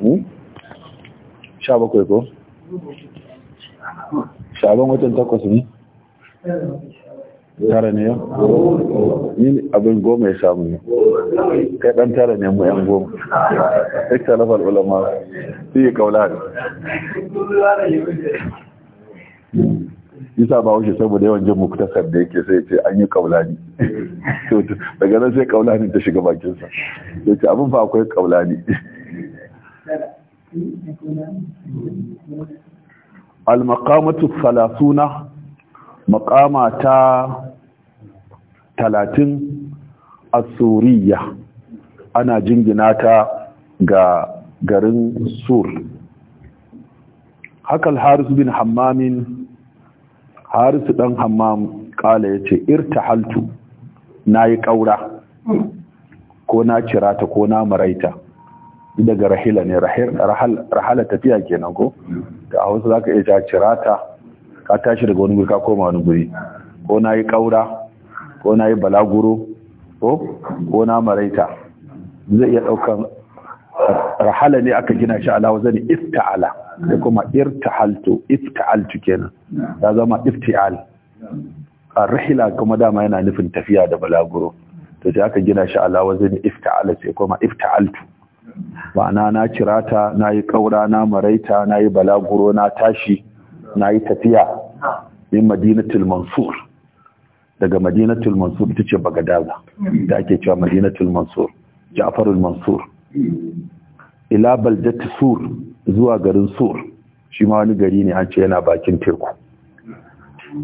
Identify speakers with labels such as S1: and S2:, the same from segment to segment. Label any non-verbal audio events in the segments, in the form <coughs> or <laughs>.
S1: Hmm? sha bakwai ko? shaban watan takwas ne? tara ne yau? ni abin goma ya samu ne kai dan tara ne mu yan goma ikhtalafal ulama fi qawlan isa ba wuce saboda yawan jin muktasar da yake sai ce an yi kaulani <laughs> daga nan sai kaulani ta shiga bakinsa ya ce abin fa akwai kaulani al-maqamatu salasuna maqama ta talatin Suriya. ana jingina ta ga garin sur hakal harisu bin hammamin harisu dan hammam kala ya ce haltu?' na yi ƙaura ko na cirata ko na maraita daga rahila ne rahala tafiya nan ko da wasu za ka iya cirata ka tashi daga wani guri ka koma wani guri ko na yi ƙaura ko na yi balaguro ko na maraita zai iya ɗaukan rahala ne aka gina shi ala wazani ifta'ala da kuma irtahaltu ifta'altu kenan ta zama ifti'al a rahila kuma dama yana nufin tafiya da balaguro to sai aka gina shi ala ifta ifta'ala sai kuma ifta'altu ma'ana na cirata na yi ƙaura na maraita na yi balaguro na tashi na yi tafiya min madinatul mansur daga madinatul mansur ita ce bagadaza da ake cewa madinatul mansur ja'farul mansur ila baldati sur zuwa garin sur shi ma wani gari ne an ce yana bakin teku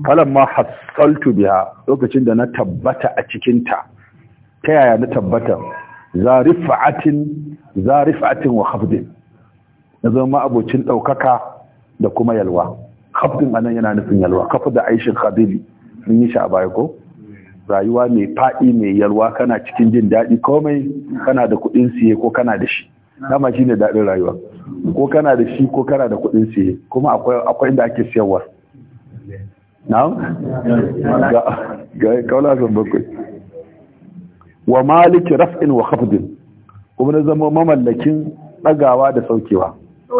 S1: falamma hasaltu biha lokacin da na tabbata a cikinta ta yaya na tabbata za za wa hafdin, na zama ma'abocin ɗaukaka da kuma yalwa hafdin anan yana nufin yalwa kafa da aishin hadili sun yi shi a baya ko rayuwa mai faɗi mai yalwa kana cikin jin daɗi komai kana da kuɗin siye ko kana da shi dama shine daɗin rayuwa ko kana da shi ko kana da kuɗin siye kuma akwai inda ake siyarwa na'am ga kaula san bakwai wa maliki raf'in wa khafdin kuma na zama mamallakin dagawa da saukewa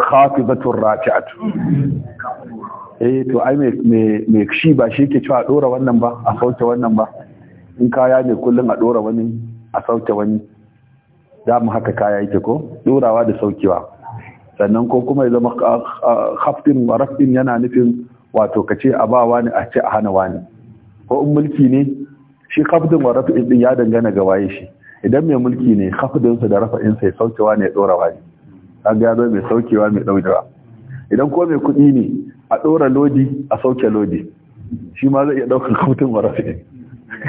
S1: khafizatur rafi'at eh to ai me me shi ba shi yake cewa dora wannan ba a sauke wannan ba in kaya ne kullun a dora wani a sauke wani da mu haka kaya yake ko dorawa da saukewa sannan ko kuma ya zama khafdin wa raf'in yana nufin wato kace a ne a ce a hana wani ko in mulki ne shi kafdin wa raf'in din ya dangana ga waye shi idan mai mulki ne khafdin sa da rafa'in sai saukewa ne ya dora waye kaga ya zo mai saukewa mai daudawa idan ko mai kuɗi ne a dora lodi a sauke lodi shi ma zai iya daukar khafdin wa raf'in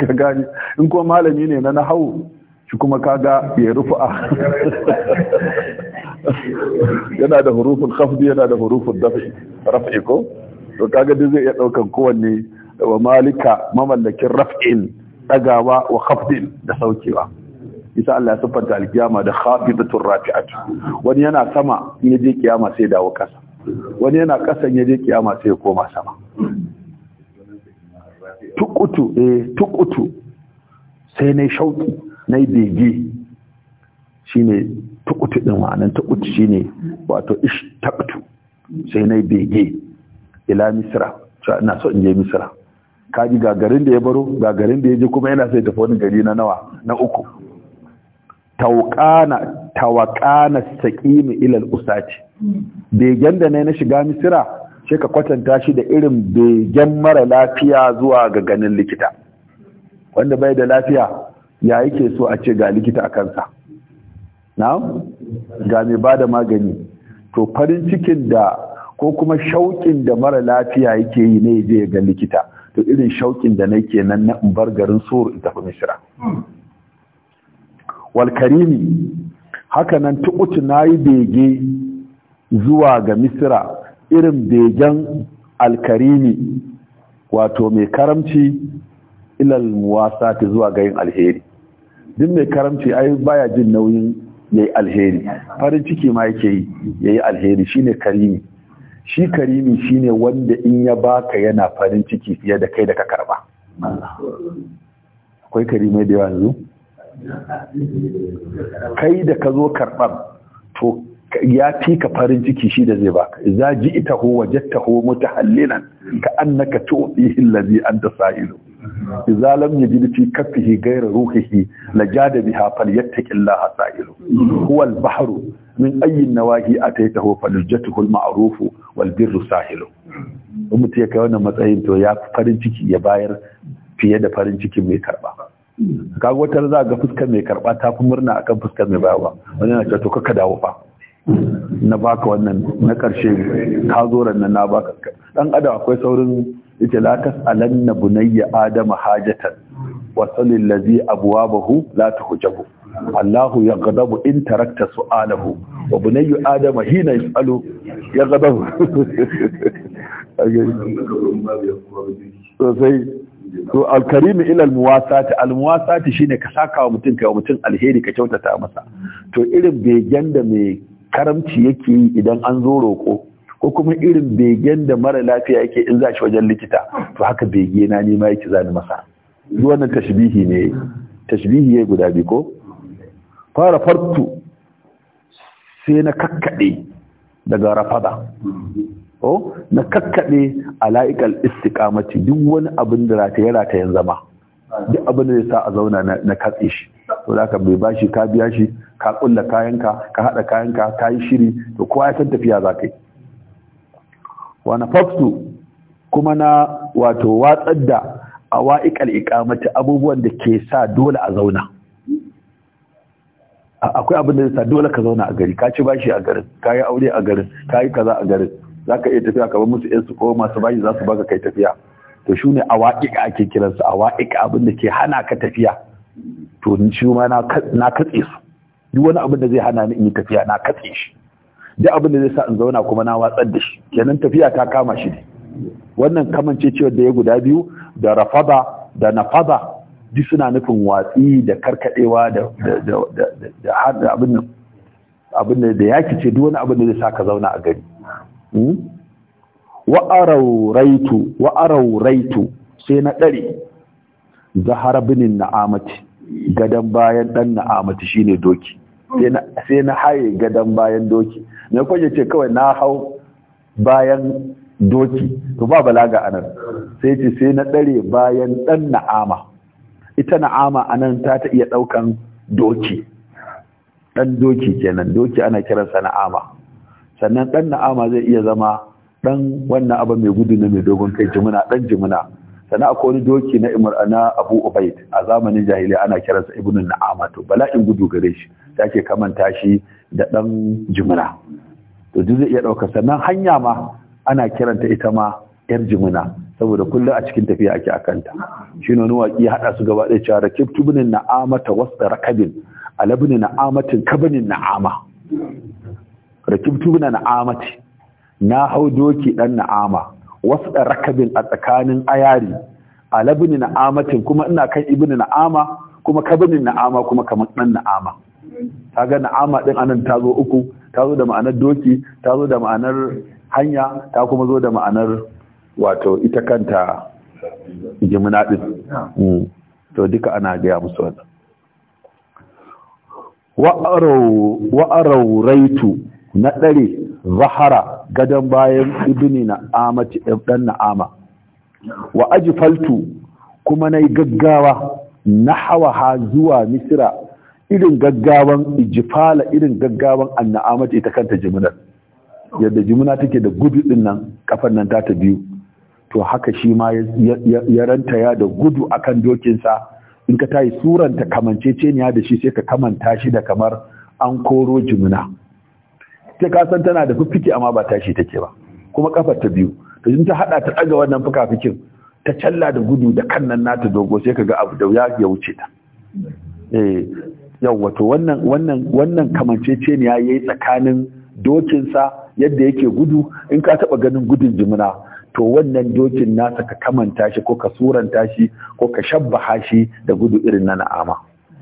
S1: ka gani in ko malami ne na nahawu shi kuma kaga ya rufa yana da hurufin kafdi yana da hurufin dafi raf'i ko to kaga duk zai iya daukan kowanne wa malika mamallakin raf'in Ɗagawa wa khafdin da saukewa isa Allah ya siffanta alkiyama da khafidatur rafi'at wani yana sama in yaje kiyama sai dawo kasa wani yana kasa in yaje kiyama sai koma sama tukutu eh tukutu sai nayi shauki bege shine tukutu din ma'anan tukutu shine wato ishtaqtu sai nayi bege ila misra ina so in je misra kaji ga garin da ya baro ga da ya ji kuma yana sai tafi wani gari na nawa na uku tawqana tawqana saqimi ila al-usati begen da ne na shiga misira sai ka kwatanta shi da irin begen mara lafiya zuwa ga ganin likita wanda bai da lafiya ya yake so a ce ga likita a kansa na'am ga mai bada magani to farin cikin da ko kuma shauƙin da mara lafiya yake yi ne je ga likita to irin shauƙin da nake nan na bar garin sur in tafi misra wal karimi haka nan tukutu nayi bege zuwa ga Misira irin begen alkarimi wato mai karamci ilal muwasati zuwa ga yin alheri duk mai karamci ai baya jin nauyin yayi alheri farin ciki ma yake yi yayi alheri shine karimi shi karimi shine wanda in ya ka yana farin ciki fiye da kai da ka karba akwai karimai da yawan yanzu
S2: kai da ka zo
S1: karɓar to ya fi ka farin ciki shi da zai baka za ji ita ho ta ho mutahallilan ka annaka an ta sa sa'ilu idza lam yajid fi kaffihi ghayra ruhihi lajada biha falyattaqillaha a huwa al-bahru min ayyi nawahi ataytahu falujatuhu al-ma'rufu wal birru sahilu mutum ya kai wannan matsayin to ya farin ciki ya bayar fiye da farin ciki mai karba kaga wata za ga fuska mai karba ta fi murna akan fuska mai bayarwa wani na to kaka dawo fa na baka wannan na karshe ka zo nan na baka dan adam akwai saurin yake la tas'alanna bunayya adama hajatan wa salil ladhi abwabahu la tuhjabu Allahu yaghdabu in tarakta su'alahu wa bunayya adama hina yas'alu yaghdabu <laughs> sosai to alkarim ila almuwasati almuwasati shine ka saka wa mutum kai wa mutum alheri ka kyautata masa to irin begen da mai karamci yake yi idan an zo roko ko kuma irin begen da mara lafiya yake in za shi wajen likita to haka bege na nema yake zani masa duk wannan tashbihi ne tashbihi ya guda biyu ko fara fartu sai na kakkaɗe daga rafada Oh na kakkaɗe ala'ikal istiqamati duk wani abin da rataye ratayen zama duk abin da zai a zauna na katse shi to da ka bai bashi ka biya shi ka kulla kayanka ka haɗa kayanka ka yi shiri to kowa ya san tafiya za ka yi wa faftu kuma na wato watsar da awa'iqal iqamati abubuwan da ke sa dole a zauna akwai abin da sa dole ka zauna a gari ka ci bashi a garin ka yi aure a garin ka yi kaza a garin za ka iya tafiya ka musu yansu ko masu bashi za su baka kai tafiya to shi ne awa'iƙa ake kiransu awa'iƙa abin da ke hana ka tafiya to ni shi ma na katse su duk wani abin da zai hana ni in yi tafiya na katse shi duk abin da zai sa in zauna kuma na watsar da shi kenan tafiya ta kama shi ne wannan kamance cewa da ya guda biyu da rafaba da nafaba duk suna nufin watsi da karkadewa da da abin abin da ce duk wani abin da zai sa ka zauna a gari hmm? wa Raitu wa sai na dare zahara binin na'amati gadan bayan dan na'amati shine doki sai na haye gadon bayan doki ne ko ya ce kawai na hau bayan doki to ba balaga anan sai ce sai na dare bayan dan na'ama ita na'ama anan ta ta iya ɗaukan doki dan doki kenan doki ana kiransa na'ama sannan dan na'ama zai iya zama dan wannan abu mai gudu na mai dogon kai jimina dan jimina sannan akwai wani doki na imar na abu ubaid a zamanin jahiliya ana kiransa ibnu na'ama to bala'in gudu gare shi ke kamanta shi da ɗan jimina to duk zai iya ɗauka sannan hanya ma ana kiranta ita ma yar jimina saboda kullum a cikin tafiya ake akanta shi ne wani ya haɗa su gaba ɗaya cewa rakib tubinin na'amata wasu rakabin alabini na'amatin kabanin na'ama rakib tubina na'amati na hau doki ɗan na'ama wasu ɗan rakabin a tsakanin ayari alabini na'amatin kuma ina kan ibini na'ama kuma kabanin na'ama kuma kamar ɗan na'ama kaga na'ama din anan ta zo uku ta zo da ma'anar doki ta zo da ma'anar hanya ta kuma zo da ma'anar wato ita kanta jimina din mm. to duka ana gaya musu wannan wa'arau raitu na ɗare zahara gadon bayan ibini na amaci ɗan na'ama wa faltu kuma na yi gaggawa na hawa ha zuwa misira irin gaggawan ijifala irin gaggawan anna'amat ita kanta jiminar yadda jimina take da gudu din nan kafar nan ta ta biyu to haka shi ma ya rantaya da gudu akan dokinsa in ka tayi suranta kamanceceniya da shi sai ka kamanta shi da kamar an koro Jimuna. sai ka san tana da fiffike amma ba tashi take ba kuma kafar ta biyu to in ta hada ta daga wannan fukafikin ta challa da gudu da kannan nata dogo sai ka ga abu da ya wuce ta eh, yawwa to wannan wannan wannan ya yayi tsakanin dokinsa yadda yake gudu in ka taba ganin gudun jimina to wannan dokin nasa ka kamanta shi ko ka suranta shi ko ka shabbaha shi da gudu irin na na'ama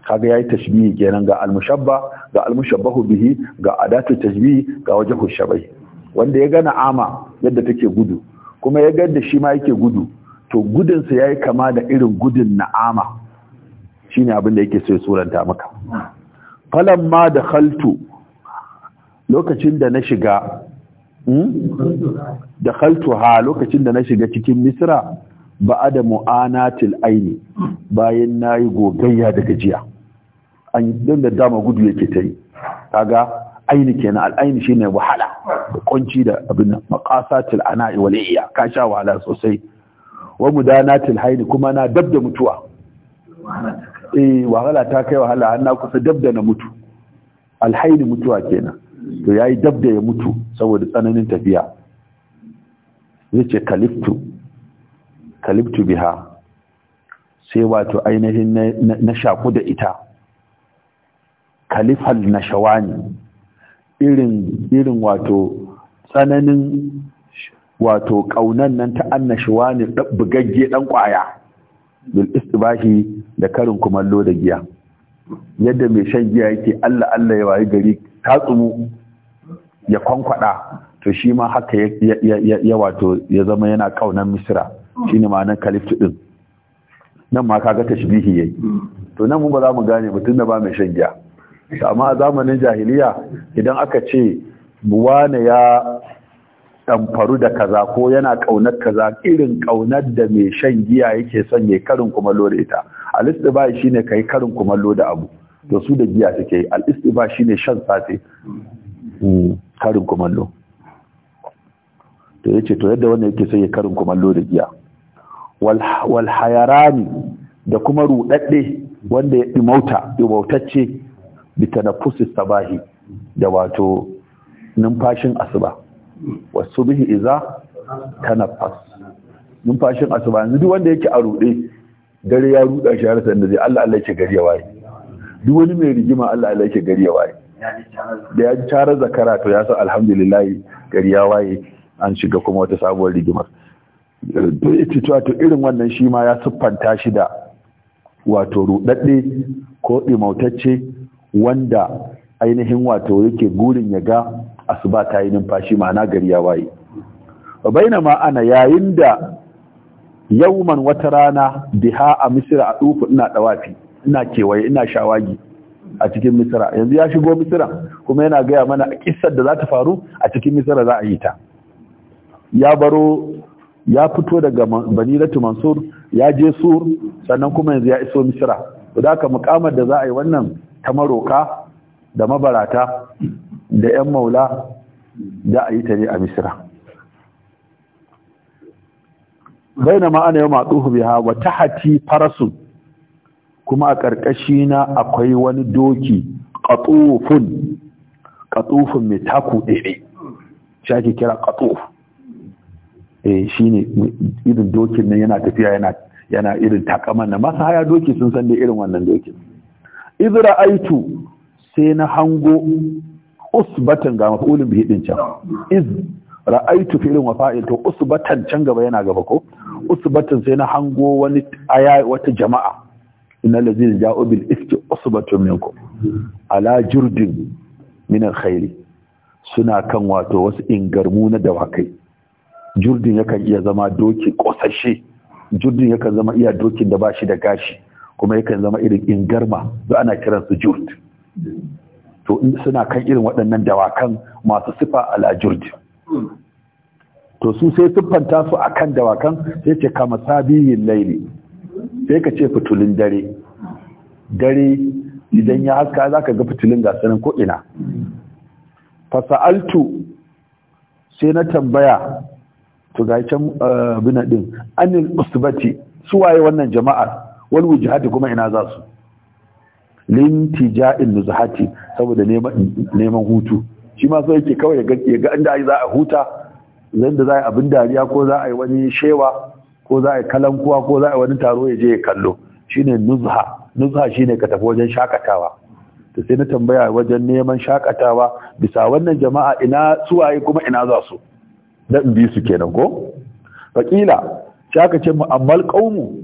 S1: kaga yayi tashbihi kenan ga almushabba ga almushabbahu bihi ga adatu tashbihi ga wajhu shabai wanda ya ga na'ama yadda take gudu kuma ya ga da shi ma yake gudu to gudunsa yayi kama da irin gudun na'ama shine abin da yake so ya suranta maka falamma da khaltu lokacin da na shiga hmm? da khaltu ha lokacin da na shiga cikin misra ba da mu'anatil aini bayan nayi gogayya da gajiya an don da dama gudu yake ta yi kaga aini kenan al'aini shine wahala da kunci da abin nan maqasatil ana'i wal iya ka sha wahala sosai wa mudanatil haini kuma na dab da mutuwa eh wahala ta kai wahala har na kusa dab na mutu alhaini mutuwa kenan to yayi dabda ya mutu saboda tsananin tafiya yace kaliftu kaliftu biha sai wato ainihin na shaku da ita kalifal nashawani irin irin wato tsananin wato kaunan nan ta Annashawani, bugagge dan kwaya bil istibahi da karin kumallo da giya yadda mai shan giya yake Allah Allah ya wayi gari tsumu ya kwankwada to shi ma haka ya wato ya zama yana kaunan misira shine nan kaliftu din nan ma kaga tashbihi yayi to nan mun ba za mu gane mutum da ba mai shan giya amma a zamanin jahiliya idan aka ce buwana ya ɗamfaru da kaza ko yana ƙaunar kaza irin ƙaunar da mai shan giya yake son ya karin kumallo da ita al-istiba shine kai karin kumallo da abu to su da giya suke yi al-istiba shine shan safe hmm, karin kumallo to yace to yadda wannan yake son ya karin kumallo da giya wal hayarani da kuma rudadde wanda ya dimauta dimautacce ta sabahi da wato numfashin asuba wasu bihi iza tanaffas numfashin asuba yanzu duk wanda yake a rude dare ya ruda shi har sanda zai Allah Allah yake gari ya waye duk mai rigima Allah Allah yake gari ya waye da ya ji zakara to ya san alhamdulillah gari ya waye an shiga kuma wata sabuwar rigima. to yace to irin wannan shi ma ya siffanta shi da wato rudadde ko dimautacce wanda ainihin wato yake gurin ya ga asuba ta yi numfashi ma'ana gari ya waye bainama ma'ana yayin da yawman wata rana biha a misira a dufu ina dawafi ina kewaye ina shawagi a cikin misira yanzu ya shigo misira kuma yana gaya mana kissar da za ta faru a cikin misira za a yi ta ya baro ya fito daga baniratu mansur ya je sur sannan kuma yanzu ya iso misira da haka mukamar da za a yi wannan ta maroka da mabarata da 'yan maula da a yi ta ne a misira bai na ma'ana yau matsuhu biha wata hati farasun kuma a ƙarƙashi na akwai wani doki ƙatsufun ƙatsufin mai taku ɗaya shi ake kira ƙatsuf eh shi ne irin dokin nan yana tafiya yana irin takaman masu haya doki sun san da irin wannan dokin izra aitu sai na hango usbatan ga mafulin bihi din can iz ra'aitu fi'lin wa fa'il to usbatan can gaba yana gaba ko usbatan sai na hango wani aya wata jama'a innal ladzina ja'u bil ifki usbatun minkum ala jurdin min alkhair suna kan wato wasu ingarmu na dawakai jurdin yakan iya zama doki kosashe jurdin yakan zama iya dokin da bashi da gashi kuma yakan zama irin ingarma da ana kiransu jurd to suna kan irin waɗannan dawakan masu sifa al'ajurdi to su sai siffanta su akan dawakan sai ce kama sabiyin laili sai ka ce fitulun dare dare idan ya haska za ka ga fitulun gasarin ko'ina fasa'altu sai na tambaya to ga can eh, bina din anil usbati su waye wannan jama'ar wani wujihati kuma ina za su lintija'in nuzhati saboda neman hutu shi ma sai yake kawai ya ga inda za a huta zan za a abin dariya ko za a yi wani shewa ko za a yi kalankuwa ko za a yi wani taro ya je ya kallo shine nuzha nuzha shine ka tafi wajen shakatawa to sai na tambaya wajen neman shakatawa bisa wannan jama'a ina suwaye kuma ina za su dan bi su kenan ko fakila shakacin mu mu'ammal qaumu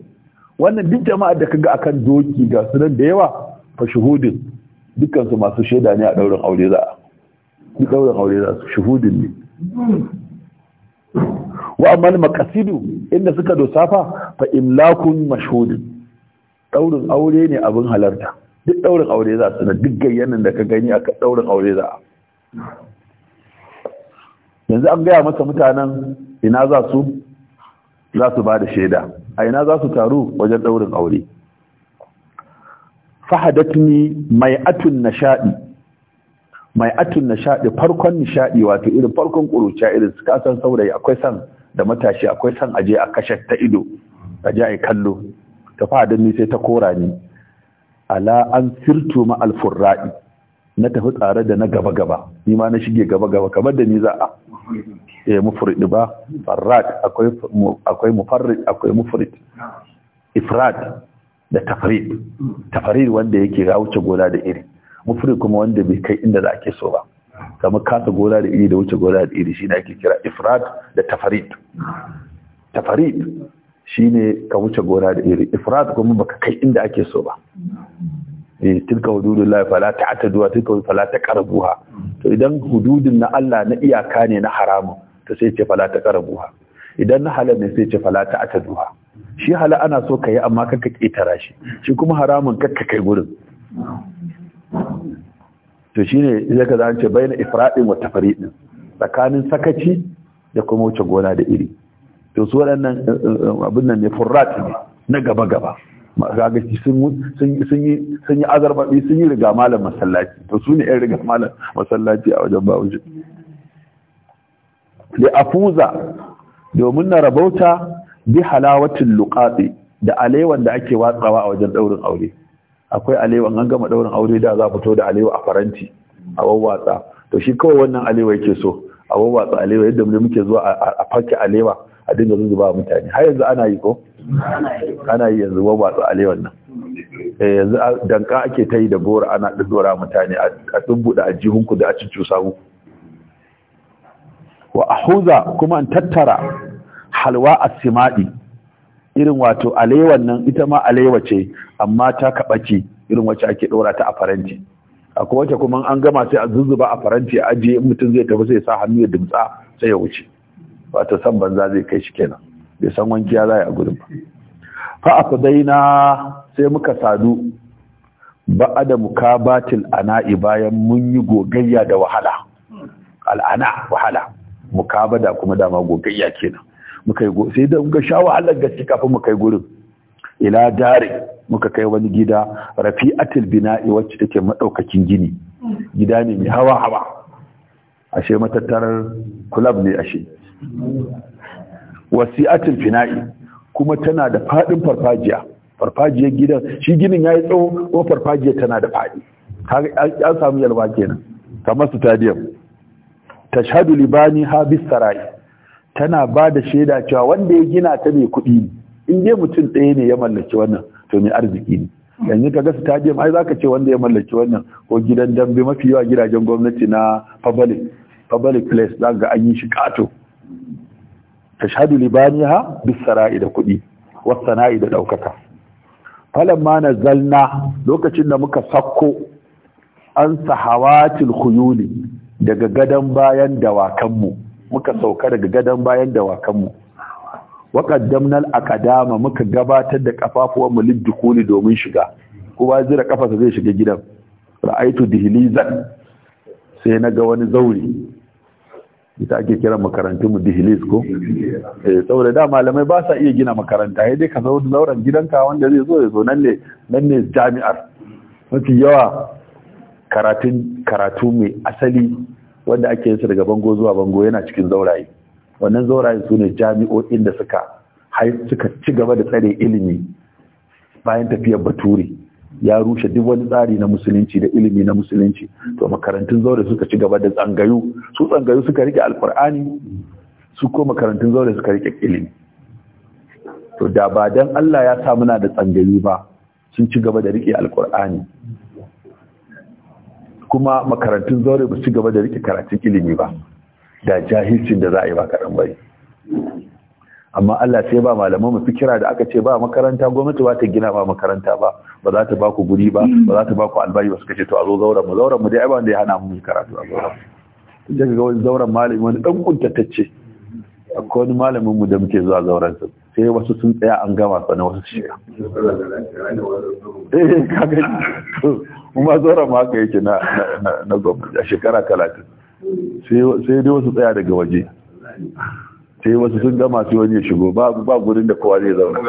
S1: wannan duk jama'ar da kaga akan doki ga sunan da yawa fa shuhudin dukkansu masu shaida ne a daurin aure za a ku daurin aure za su shuhudin ne wa amma makasidu inda suka dosafa fa imlakun mashhudin daurin aure ne abin halarta duk daurin aure za su na duk gayyanin da ka gani aka daurin aure za a yanzu an gaya masa mutanen ina za su za su ba da shaida a ina za su taru wajen daurin aure fahadatni mai atun nashadi mai atun nashadi farkon nishadi wato irin farkon kuruciya irin su kasan saurayi akwai san da matashi akwai san aje a kashe ta ido a je a kallo ta fahadatni sai ta kora ni ala an sirtu ma alfurra'i na tafi tsare da na gaba gaba ni ma na shige gaba gaba kamar da ni za a eh mufrid ba farrat akwai akwai mufarrid akwai mufrid Ifrad. da tafarid tafarid wanda yake ga wuce gona da iri mufrid kuma wanda bai kai inda za ke so ba kamar kasa gona da iri da wuce gona da iri shi ake kira ifrad da tafarid tafarid shine ka wuce gona da iri ifrad kuma baka kai inda ake so ba eh tilka hududullahi fala ta'taduha tilka fala taqrabuha to idan hududin na Allah na iyaka ne na haramun to sai ce fala taqrabuha idan na halal ne sai ce falata a ta duha shi hala ana so ka yi amma kanka ƙetara shi shi kuma haramun kanka kai gurin to shi ne zai ka zance bayan ifradin wata fariɗin tsakanin sakaci da kuma wuce gona da iri to su waɗannan eh, eh, abin nan ne furrat ne na gaba-gaba gagaci sun yi azarbaɓi sun yi riga malam masallaci to su ne 'yan riga malam masallaci a wajen bawuji da afuza domin na rabauta bi halawatin luqati da alewan da ake watsawa a wajen ɗaurin aure akwai alewan an gama daurin aure da za fito da alewa a faranti a wawwatsa to shi kawai wannan alewa yake so a wawwatsa alewa yadda mu muke zuwa a farki alewa a dinga zuzuba mutane har yanzu ana yi ko ana yi yanzu wawwatsa alewan nan eh, yanzu danka ake ta yi da bora ana ɗaɗɗora mutane a ɗumbuɗa a jihunku da a cikin muku wa ahuza kuma in tattara halwa a simaɗi. irin wato alewan nan ita ma alewa ce amma ta kabace irin wacce ake dora ta a faranti akwai wacce kuma an gama sai a zuzzuba a faranti a ajiye mutum zai tafi sai sa hannu ya dumtsa sai ya wuce wato san banza zai kai shi kenan bai san wankiya za a gudun ba fa a daina sai muka sadu ba da mukabatil ana'i bayan mun yi gogayya da wahala al'ana wahala mukabada kuma dama gogayya kenan muka yi sai da muka sha wahalar gaske kafin muka yi gurin ila dare muka kai wani gida rafi'atul bina'i wacce take madaukakin gini gida ne mai hawa hawa ashe matattarar club ne ashe wasi'atul bina'i kuma tana da fadin farfajiya farfajiyar gidan shi ginin yayi tsawo kuma farfajiyar tana da fadi an samu yalwa kenan kamar stadium Tashadu libani ha bisarai tana ba da shaida cewa wanda ya gina ta mai kuɗi ne in dai mutum ɗaya ne ya mallaki wannan to mai arziki ne yanzu ka ta ta ai zaka ce wanda ya mallaki wannan ko gidan dambe mafi yawa gidajen gwamnati na public public place za ga an yi shi kato tashhadu libaniha bisara'i da kuɗi wasana'i da ɗaukaka mana zalna lokacin da muka sakko an sahawatil khuyuli daga gadon bayan dawakanmu muka sauka daga gadon bayan dawakanmu Waƙar a akadama muka gabatar da ƙafafuwanmu liddukuli domin shiga kuma zira ƙafasa zai shiga gidan ra'aitu dihilizan. sai na ga wani zauri ita ake kira makarantun mu ko eh saboda da malamai ba sa iya gina makaranta sai dai ka zauren gidanka wanda zai zo ya zo nan ne nan ne jami'ar mafi yawa karatun karatu mai asali wanda ake yin su daga bango zuwa bango yana cikin zauraye wannan zauraye su ne jami'o'in da suka suka ci gaba da tsare ilimi bayan tafiyar baturi ya rushe duk wani tsari na musulunci da ilimi na musulunci to makarantun zaure suka ci gaba da tsangayu su tsangayu suka rike alkur'ani su ko makarantun zaure suka rike ilimi to da ba dan Allah ya sa muna da tsangayu ba sun ci gaba da rike alkur'ani kuma makarantun zaure ba su gaba da rike karatun ilimi ba da jahilcin da za a yi ba kaɗan bai amma Allah sai ba malaman mu kira da aka ce ba makaranta gwamnati ba ta gina ba makaranta ba ba za ta ba ku guri ba ba za ta ba ku albayi ba suka ce to a zo zauren mu zauren mu dai ba wanda ya hana mu karatu a zauren mu daga ga wani zauren malami wani dan kuntatacce akwai wani malamin mu da muke zuwa zauren sa sai wasu sun tsaya an gama sanan wasu shi
S2: eh kaga
S1: kuma zora ma haka yake na na gwamnati a shekara talatin sai dai wasu tsaya daga waje sai wasu sun gama sai wani ya shigo ba ba gurin da kowa zai zauna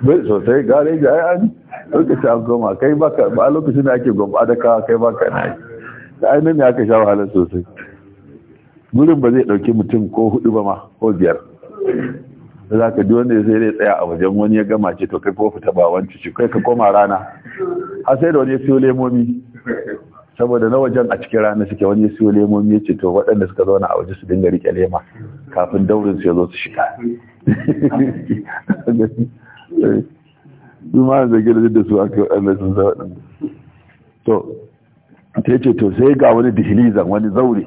S1: bai sosai gare ji ai an lokacin an goma kai baka ba lokacin ne ake goma da kai baka na yi da ainihin ne aka sha wahala sosai gurin ba zai dauki mutum ko hudu ba ma ko biyar za ka duk wanda sai dai tsaya a wajen wani ya gama ce to kai ko fita ba wanci ci kai ka koma rana a sai da wani ya siyo lemomi saboda na wajen a cikin rana suke wani ya siyo lemomi ya ce to waɗanda suka zauna a waje su dinga riƙe lema kafin daurin su ya zo su shiga duma da zage da su aka waɗanda sun zama to ta ce to sai ga wani dihilizan wani zaure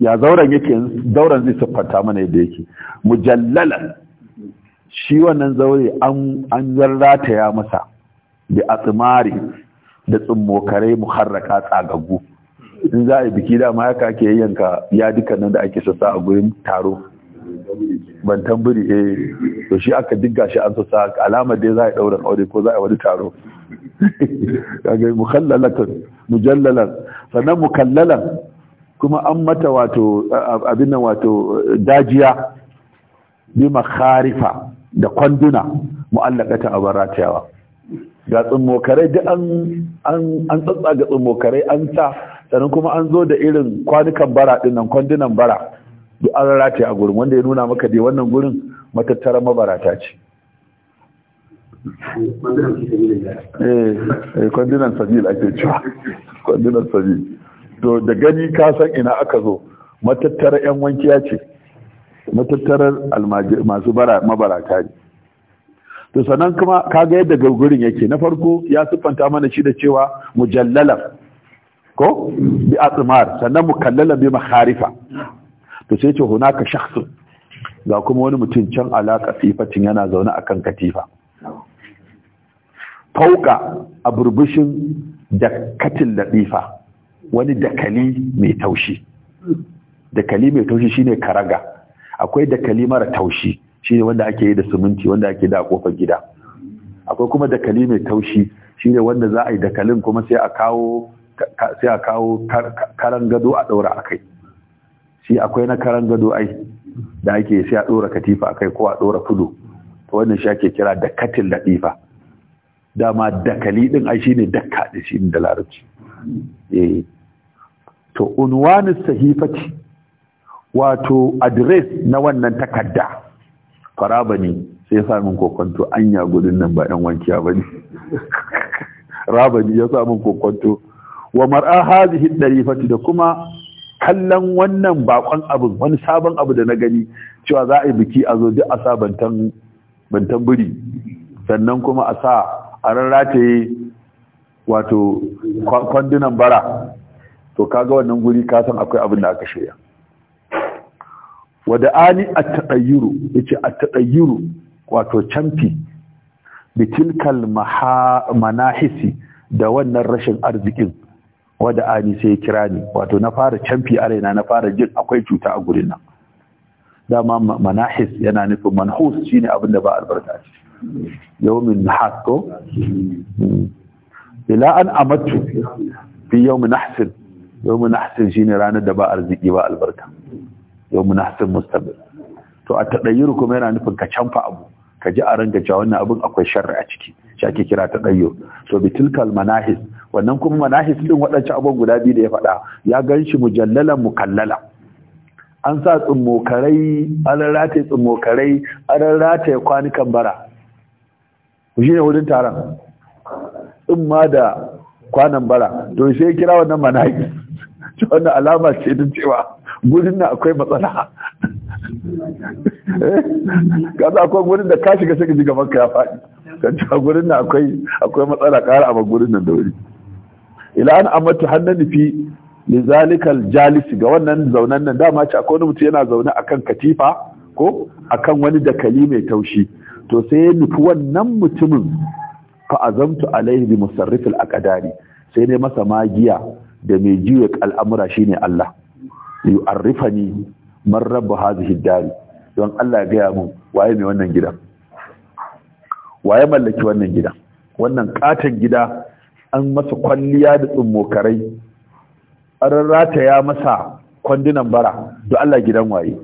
S1: ya zauren yake zauren zai siffanta mana yadda yake mujallalan shi wannan zaure an an ya masa bi atsimari da mu muharraka tsagaggu in za a yi biki dama haka ake yanka ya nan da ake sassa a gurin taro ban tamburi eh to shi aka digga shi an sassa alamar dai za a yi ɗaurin aure ko za a yi wani taro <laughs> kaga mukallalan mujallalan sannan mukallalan kuma an mata wato abin nan wato dajiya bi makharifa da kwanduna mu'allaqata a baratiyawa ga tsummokarai duk an an tsatsa ga tsummokarai an sa sannan kuma an zo da irin kwanukan bara din nan kwandunan bara duk an rarate a gurin wanda ya nuna maka dai wannan gurin matattara mabarata ce kwandunan eh, eh, sabil ake cewa kwandunan sabil to da gani kasan ina aka zo matattara yan wankiya ce matattarar masu mabarata ne to sannan kuma kaga yadda gurgurin yake na farko ya siffanta mana shi da cewa mujallalar ko bi atmar sannan mukallalan bi maharifa to sai ce hunaka shakhsun ga kuma wani mutum can alaka sifatin yana zaune akan katifa fauka a burbushin da katin ladifa wani dakali mai taushi dakali mai taushi shine karaga akwai dakali mara taushi shine wanda ake yi da siminti wanda ake da kofar gida akwai kuma dakali mai taushi shine wanda za a yi dakalin kuma sai a kawo sai a kawo karan gado a ɗaura a kai shi akwai na karan gado ai da ake sai a ɗora katifa a kai ko a ɗora fudu to wannan shi ake kira da katin latifa dama dakali ɗin ai shine dakka da shi da larabci Eh. to unwani sahifati wato address na wannan takarda faraba ne sai ya min kokonto anya gudun nan ba ɗan wankiya ne <laughs> rabani ya sa kokonto wa mar'a hazihi darifati da kuma kallon wannan bakon abu wani sabon abu da na gani cewa za a yi biki a zo duk a sa bantan bantan buri sannan kuma a sa a rarrataye wato kwandunan bara to kaga wannan guri ka san akwai abin da aka shirya wada ani at yace at wato canfi bitilkal manahisi da wannan rashin arzikin wada ani sai ya kira ni wato na fara canfi a raina na fara jin akwai cuta a gurin nan dama manahis yana nufin manhus shine abin da ba albarka
S2: shi
S1: yawmin hasko hmm. ila an amattu fi yawmin ahsan yawmin ahsan shine ranar da ba arziki ba albarka yawmin ahsan mustaqbal to a tadayyur kuma yana nufin ka canfa abu ka ji a ranka cewa wannan abin akwai sharri a ciki shi ake kira tadayyur to bitilkal manahis wannan kuma manahis din waɗancan abun guda biyu da ya faɗa ya ganshi mujallalan mukallala an sa tsummokarai an rataye tsummokarai an rataye kwanukan bara shi ne wurin taron in ma da kwanan bara to sai kira wannan manaki <laughs> to wannan alama ce ta cewa gudun na akwai matsala <laughs> eh? kaza akwai gudun da kashi ga shiga sai ka ji gaban ka ya faɗi kanta gurin na akwai matsala ƙara a gurin nan da wuri ila an amatu nufi fi lizalikal jalisi ga wannan zaunan nan dama ce akwai wani mutum yana zaune akan katifa ko akan wani dakali mai taushi to sai ya nufi wannan mutumin fa azamtu alaihi bi musarrif al sai ne masa magiya da mai juya al'amura shine Allah yu'arrifani man rabbu hadhihi dari don Allah ya gaya mun waye mai wannan gida waye mallaki wannan gidan wannan katon gida an masa kwalliya da tsummokarai an ya masa kwandunan bara don Allah gidan waye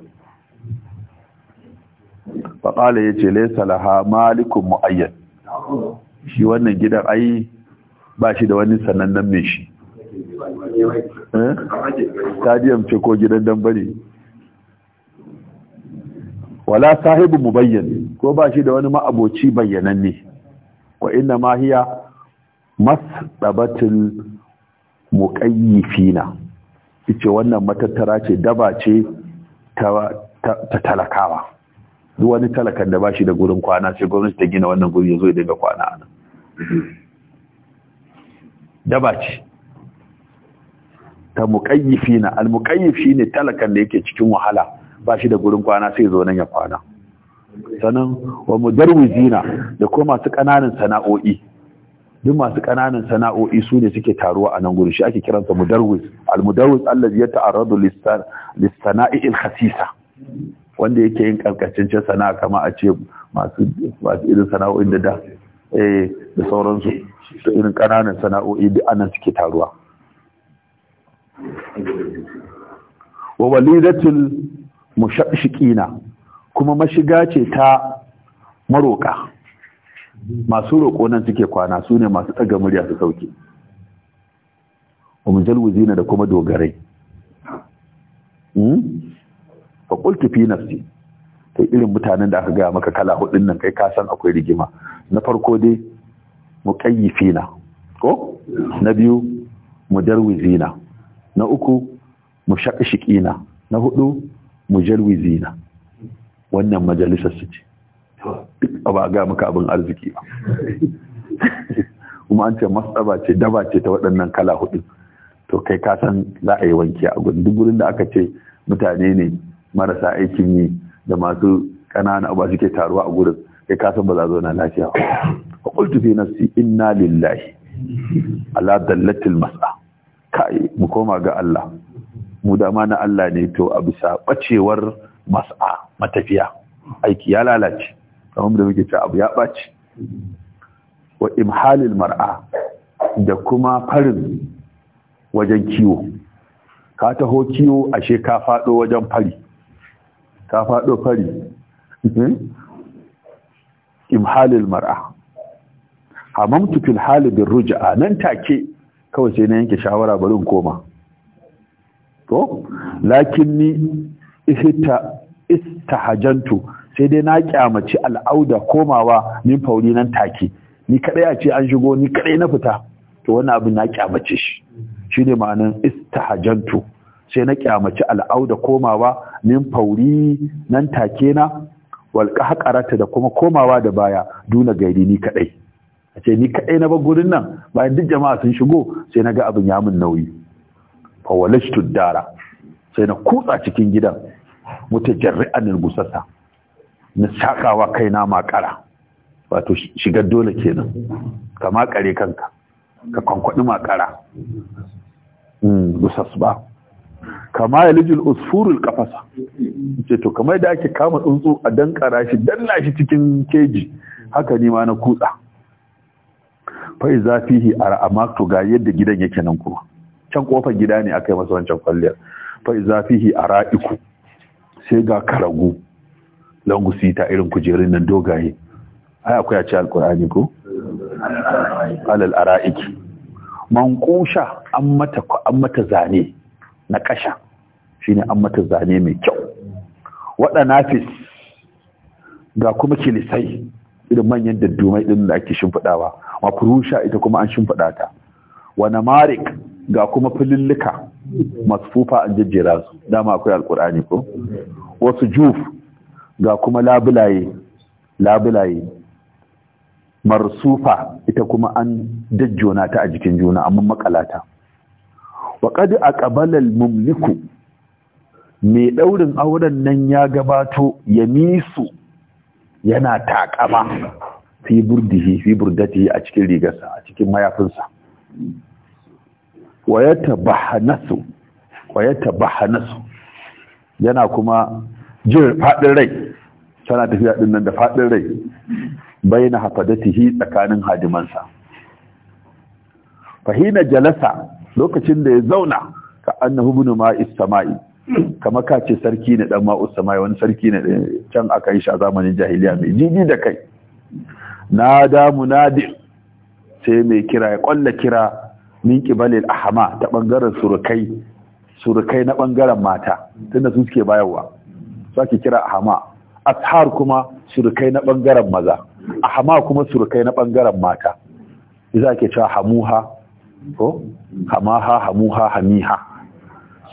S1: faƙala ya ce laisa laha malikun mu'ayyad shi wannan gidan ai ba shi da wani sanannen mai shi eh? stadium ce ko gidan dambare wala sahibu mu bayyana ko ba shi da wani ma'aboci bayyananne wa inna ma hiya masdabatul muqayyifina ce wannan matattara ce daba ce ta talakawa duk wani talakan da ba shi da gurin kwana sai gwamnati ta gina wannan guri ya zo ya kwana nan daba ce ta muƙayyifi na almuƙayyif ne talakan da yake cikin wahala ba shi da gurin kwana sai zo nan ya kwana sannan wa mudarwizina da kuma masu ƙananan sana'o'i duk masu ƙananan sana'o'i su ne suke taruwa a nan gurin shi ake kiransa mudarwiz almudarwiz allazi ya ta'arradu lis-sana'i khasisa wanda yake yin karkacin sana'a kama a ce masu masu irin sana'o'in da da eh da sauransu da irin ƙananan sana'o'i da ana suke taruwa wa walidatul mushaqqiqina kuma mashiga ce ta maroka masu roƙo nan suke kwana su ne masu ɗaga murya su sauke wa mujalwizi da kuma dogarai hmm? fa qultu fi nafsi sai irin mutanen da aka gaya maka kala hudun nan kai kasan akwai rigima na farko dai mu muqayyifina ko na biyu mu mudarwizina na uku mu mushaqshiqina na hudu mu na. wannan majalisar su ce ba ga maka abin arziki ba kuma an ce matsaba ce daba ce ta waɗannan kala hudu to kai ka san za a yi wanki a gudun duk wurin da aka ce mutane ne marasa aikin yi da masu ƙanana ba suke taruwa a gurin kai ka san ba za zauna lafiya ba qultu fi nafsi inna lillahi ala dallatil mas'a kai mu koma ga Allah mu dama na Allah ne to a bisa bacewar mas'a matafiya aiki ya lalace kamar da muke cewa abu ya ɓace. wa imhalil mar'a da kuma farin wajen kiwo ka taho kiwo ashe ka faɗo wajen fari ta faɗo fari hmm? imhalil mar'a hamamtu fil hali bin ruja'a nan take kawai sai na yanke shawara bari in koma to lakin lakinni ihta istahajantu sai dai na kyamaci al'auda komawa min fauri nan take ni kadai a ce an shigo ni kadai na fita to wani abin na kyamace shi shine ma'anan istahajantu sai na kyamaci al'auda komawa min fauri nan take na walƙa haƙararta da kuma komawa da baya duna gairi ni kaɗai a ce ni kaɗai na bar gurin nan bayan duk jama'a sun shigo sai na ga abin ya min nauyi fawalashtu dara sai na kutsa cikin gidan Muta mutajarri'an gusasa. na shakawa kaina makara wato shigar dole kenan ka makare kanka ka kwankwaɗi makara busas hmm, ba kama ya lijil usfurul kafasa ce to kama da ake kama tsuntsu a dankara shi danna shi cikin keji haka ne ma na kutsa fai zafihi a to ga yadda gidan yake nan kuma can kofar gida ne aka yi masa wancan kwalliyar fai zafihi a ra'iku sai ga karagu langusita irin kujerun nan dogaye ai akwai a ci alkur'ani ko alal ara'iki manqusha Man an mata zane na kasha ne an mata zane mai kyau waɗa nafis ga kuma kilisai irin manyan daddumai ɗin da ake shimfiɗawa mafurusha ita kuma an shimfiɗa ta wani marik ga kuma filillika masu fufa an jejjera su dama akwai alkur'ani ko wasu juf ga kuma labulaye labulaye marsufa ita kuma an dajjona ta a jikin juna amma makalata faƙad a ƙabalar mumliku mai ɗaurin auren nan ya gabato ya misu yana taƙama fi burdihi fi burdatihi a cikin rigarsa a cikin mayafinsa wa ya yana kuma jin faɗin rai tana tafiya ɗin nan da faɗin rai bai na hafadatihi tsakanin hadimansa fahina jalasa lokacin da ya zauna ka annahu bin ma'is sama'i kama ka ce sarki ne dan ma'us sama'i wani sarki ne can aka yi shi a zamanin jahiliya mai jiji da kai na da munadi sai mai kira ya kwalla kira min kibalil ahama ta bangaren surukai surukai na bangaren mata tunda su suke bayarwa sake kira ahama ashar kuma surukai na bangaren maza ahama kuma surukai na bangaren mata za ake cewa hamuha ko hamaha hamuha hamiha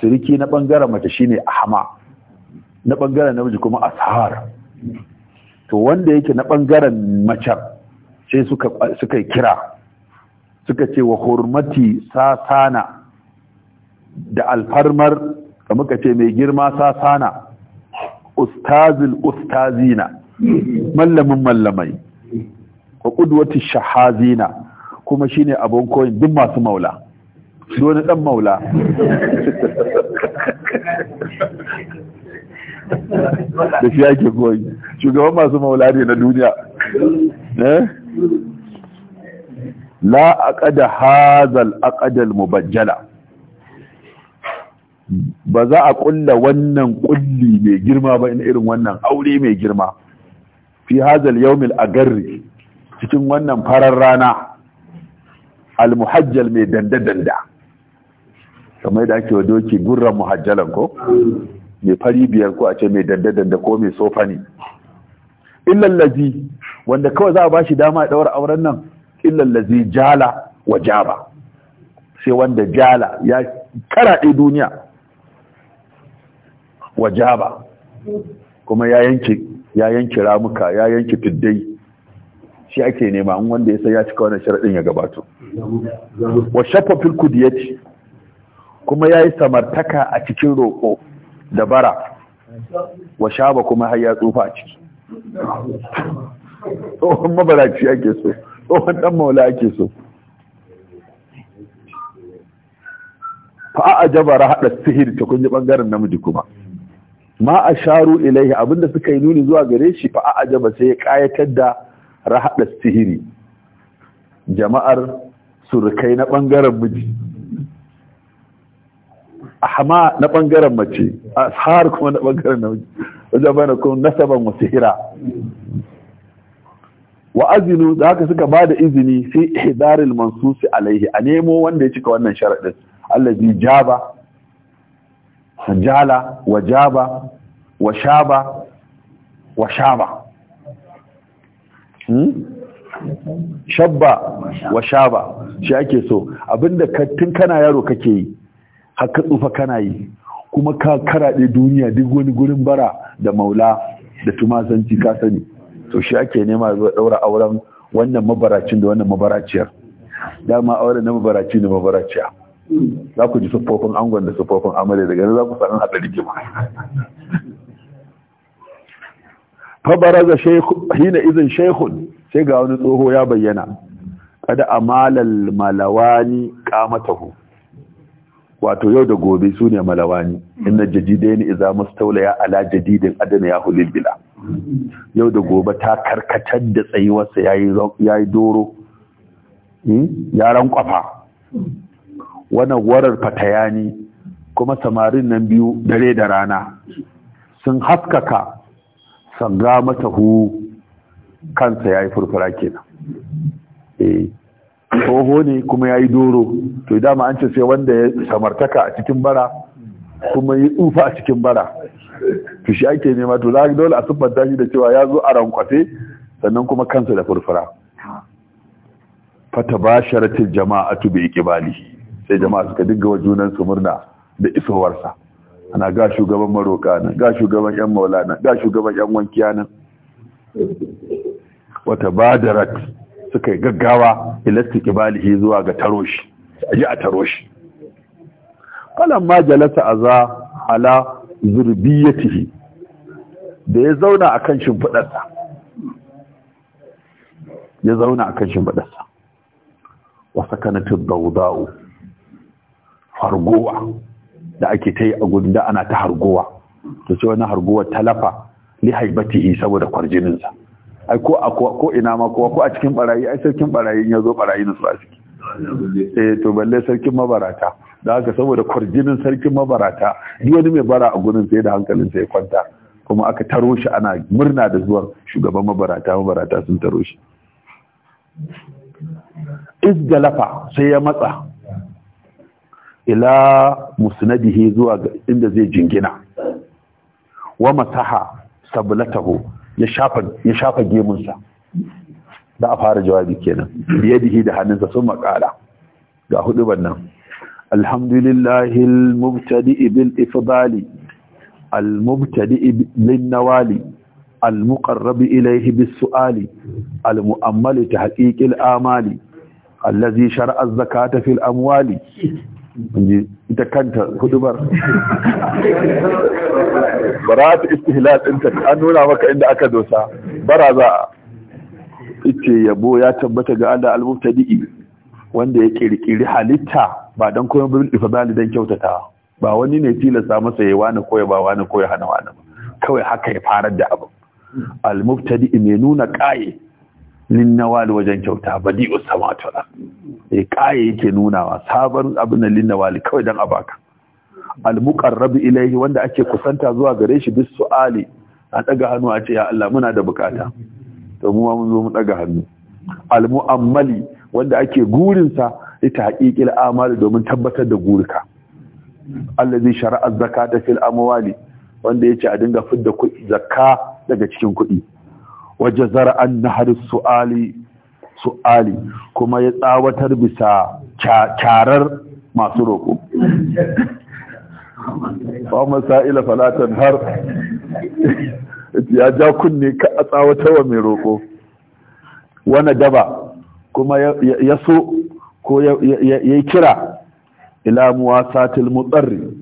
S1: siriki na bangaren mace shine Hama, na bangaren namiji kuma ashar to wanda yake na bangaren mace sai suka suka kira suka ce wa hurmati sasana da alfarmar da muka ce mai girma sasana ustazil ustazina mallamin mallamai wa ƙudwati shahazina kuma shine abun koyin duk masu maula doni dan maula da shi yake koyi shugaban masu maula ne na duniya eh? la aqada hazal aqadal mubajjala ba za a ƙulla wannan ƙulli mai girma ba in irin wannan aure mai girma fi hazal a garri. cikin wannan farar rana almuhajjal mai danda-danda kamar da ake wa doki gurran muhajjalan ko mai fari biyar ko a ce mai danda-danda ko mai sofa ne illallazi wanda kawai za a ba shi dama a ɗaura auren nan illallazi jala wa jaba sai wanda jala ya karaɗe duniya wa jaba kuma ya yanki ramuka ya yanki tuddai shi ake nema an wanda ya sai ya cika wannan sharadin ya gabato wa shaffa fil kudiyati kuma yayi samartaka a cikin roƙo da bara wa shaba kuma har ya tsufa a ciki tsohon mabaraci ake so tsohon dan maula ake so fa'a jabara hada sihir ta kunji bangaren namiji kuma ma a sharu ilaihi abinda suka yi nuni zuwa gare shi fa a jaba sai ya kayatar da rahada sihiri jama'ar surukai na bangaren miji amma na bangaren mace a ashar kuma na bangaren miji wajen bayan kun nasaban wa sihira wa azinu da haka suka bada izini sai hidaril mansusi alaihi a nemo wanda ya cika wannan sharadin allazi jaba jala wa jaba wa shaba wa shaba Hmm? shabba wa shaba shi ake so abinda tun kana yaro kake yi haka tsufa kana yi kuma ka karaɗe duniya duk wani gurin bara da maula da tumasanci ka sani to shi ake nema zuwa ɗaura auren wannan mabaracin da wannan mabaraciyar dama auren na mabaraci da mabaraciya za ku ji siffofin angon da siffofin amare daga nan za ku sanar haɗa rigima fabaraza hina izin shehun, sai ga wani tsoho ya bayyana kada amalal malawani qamatahu wato yau da gobe su ne malawani inna jadidaini idza mustawlaya ala jadidin adana ya hulil bila yau da gobe ta karkatar da tsayuwarsa hmm? ya yi doro yaran kwafa Wani warar fatayani kuma samarin nan biyu dare da rana sun haskaka Sanga mata hu kansa ya yi furfura kenan eh tsoho ne kuma ya yi doro to dama an ce sai wanda ya samartaka a cikin bara kuma ya tsufa a cikin bara to shi ake nema to za dole a siffanta shi da cewa ya zo a rankwafe sannan kuma kansa da furfura fata ba sharatin jama'a tu bi sai jama'a suka dinga wa junan su murna da isowarsa ana ga shugaban maroka nan ga shugaban yan maula nan ga shugaban yan wankiya nan wata badarat suka yi gaggawa ilastiki balihi zuwa ga taroshi yi a taroshi kalan ma jalasa za ala zurbiyatihi da ya zauna akan shimfiɗarsa ya zauna kan shimfiɗarsa wa sakanatid dauda'u fargowa da ake ta yi a gudun da ana ta hargowa. Ta ce wani harguwa talafa li haibatihi saboda kwarjininsa ai ko a ko ina ma ko ko a cikin barayi ai sarkin barayi ya zo barayi na su ciki eh to balle sarkin mabarata da haka saboda kwarjinin sarkin mabarata duk wani mai bara a gurin sai da hankalin sai kwanta kuma aka taro shi ana murna da zuwan shugaban mabarata mabarata sun taro shi lafa sai ya matsa ila musnadihi zuwa inda zai jingina wa masaha sablatahu ya shafa ya shafa gemunsa da a fara jawabi kenan biyadihi da hannunsa sun makala ga hudu bannan alhamdulillahil mubtadi'i bil ifdali المبتدئ للنوال su'ali, al بالسؤال المؤمل amali, الآمال الذي شرع الزكاة في amwali inji ita kanta hudubar bara ta istihlal ɗinta an nuna maka inda aka dosa bara za ita yabo ya tabbata ga Allah albubta di'i wanda ya kirkiri halitta ba don koyon ifa ifadali don kyautata ba wani ne tilasta masa ya wani koya ba wani koya hana wani ba kawai haka ya farar da abu al di'i mai nuna ƙaye. Linnawali wajen kyauta badi'us samatu eh kaye yake nunawa sabon abin nan linnawali kawai dan abaka almuqarrab ilaihi wanda ake kusanta zuwa gare shi bis su'ali a daga hannu a ce ya Allah muna da bukata to mu ma mun zo mu daga hannu almu'ammali wanda ake gurin sa ita haqiqil amali domin tabbatar da gurika allazi shara'a zakata fil amwali wanda yace a dinga fidda zakka daga cikin kuɗi waje zara'an na harin su'ali kuma ya tsawatar bisa kyarar masu roƙo ba Sa'ila falatan har ya ja kunne ka a tsawatar wa mai roƙo wani daba kuma ya so ko ya kira ila muwasatil mutsarri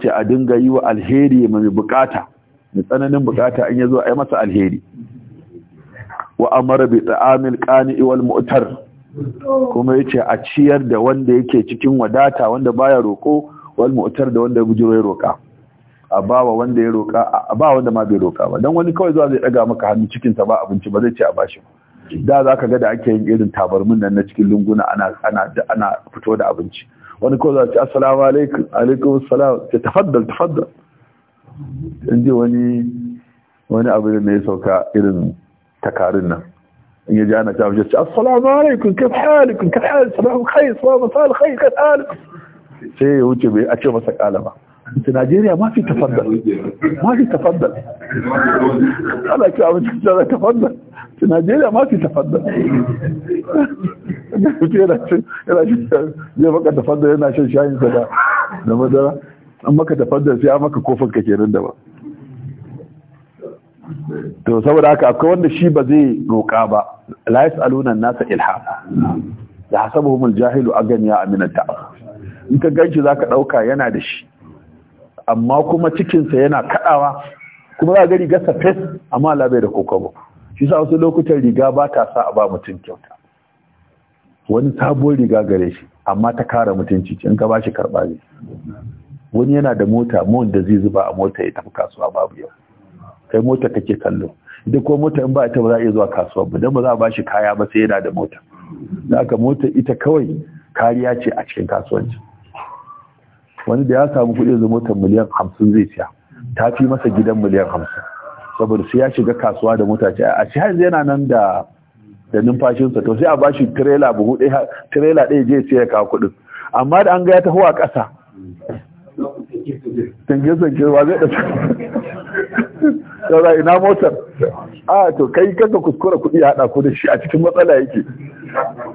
S1: ce a dinga yi wa alheri mai bukata mai tsananin bukata an zo a yi masa alheri wa amara bi ta'amil qani wal mu'tar kuma yace a ciyar da wanda yake cikin wadata wanda baya roko wal mu'tar da wanda bujiro ya roka a bawa wanda ya roka a ba wanda ma bai roka ba dan wani kawai zuwa zai daga maka hannu cikin ta ba abinci ba zai ce a bashi da zaka ga da ake yin irin tabarmin nan na cikin lunguna ana ana ana fito da abinci wani kawai za ce assalamu alaikum alaikum assalam ta tafaddal tafaddal inji wani wani abu ne ya sauka irin takarun nan in ya ji ta mace assalamu alaikum sai ya wuce Najeriya ma fi tafaddal ma fi tafaddal a tafaddal Najeriya ma fi tafaddal yana cin yana cin zai tafaddal yana shan shayin sa da an maka tafaddal sai an maka kofar ka kenan da ba to saboda haka akwai wanda shi ba zai roƙa ba la yas'aluna nasa ilhafa yahsabuhum jahilu aganiya amina at'af in ka ganshi zaka dauka yana da shi amma kuma cikin sa yana kadawa kuma za ga gari gasa fes amma la bai da ba shi sa wasu lokutan riga ba ta sa a ba mutum kyauta wani sabuwar riga gare shi amma ta kara mutunci in ka bashi karba ne wani yana da mota da zai zuba a mota ya tafi kasuwa babu yau kai mota kake kallo duk ko mota in ba ita ba za a iya zuwa kasuwa ba dan ba za a bashi kaya ba sai yana da mota da aka mota ita kawai kariya ce a cikin kasuwanci wani da ya samu kuɗi zuwa motar miliyan hamsin zai siya ta fi masa gidan miliyan hamsin saboda sai ya shiga kasuwa da mota ce a shi yana nan da da numfashinsa to sai a bashi tirela buhu ɗaya tirela ɗaya je sai ya kawo kuɗin amma da an ga ya taho a ƙasa tanke-tanke ba zai ɗasa <laughs> yara ina motar a to kai kanka kuskura kuɗi ya haɗa ku da shi a cikin matsala yake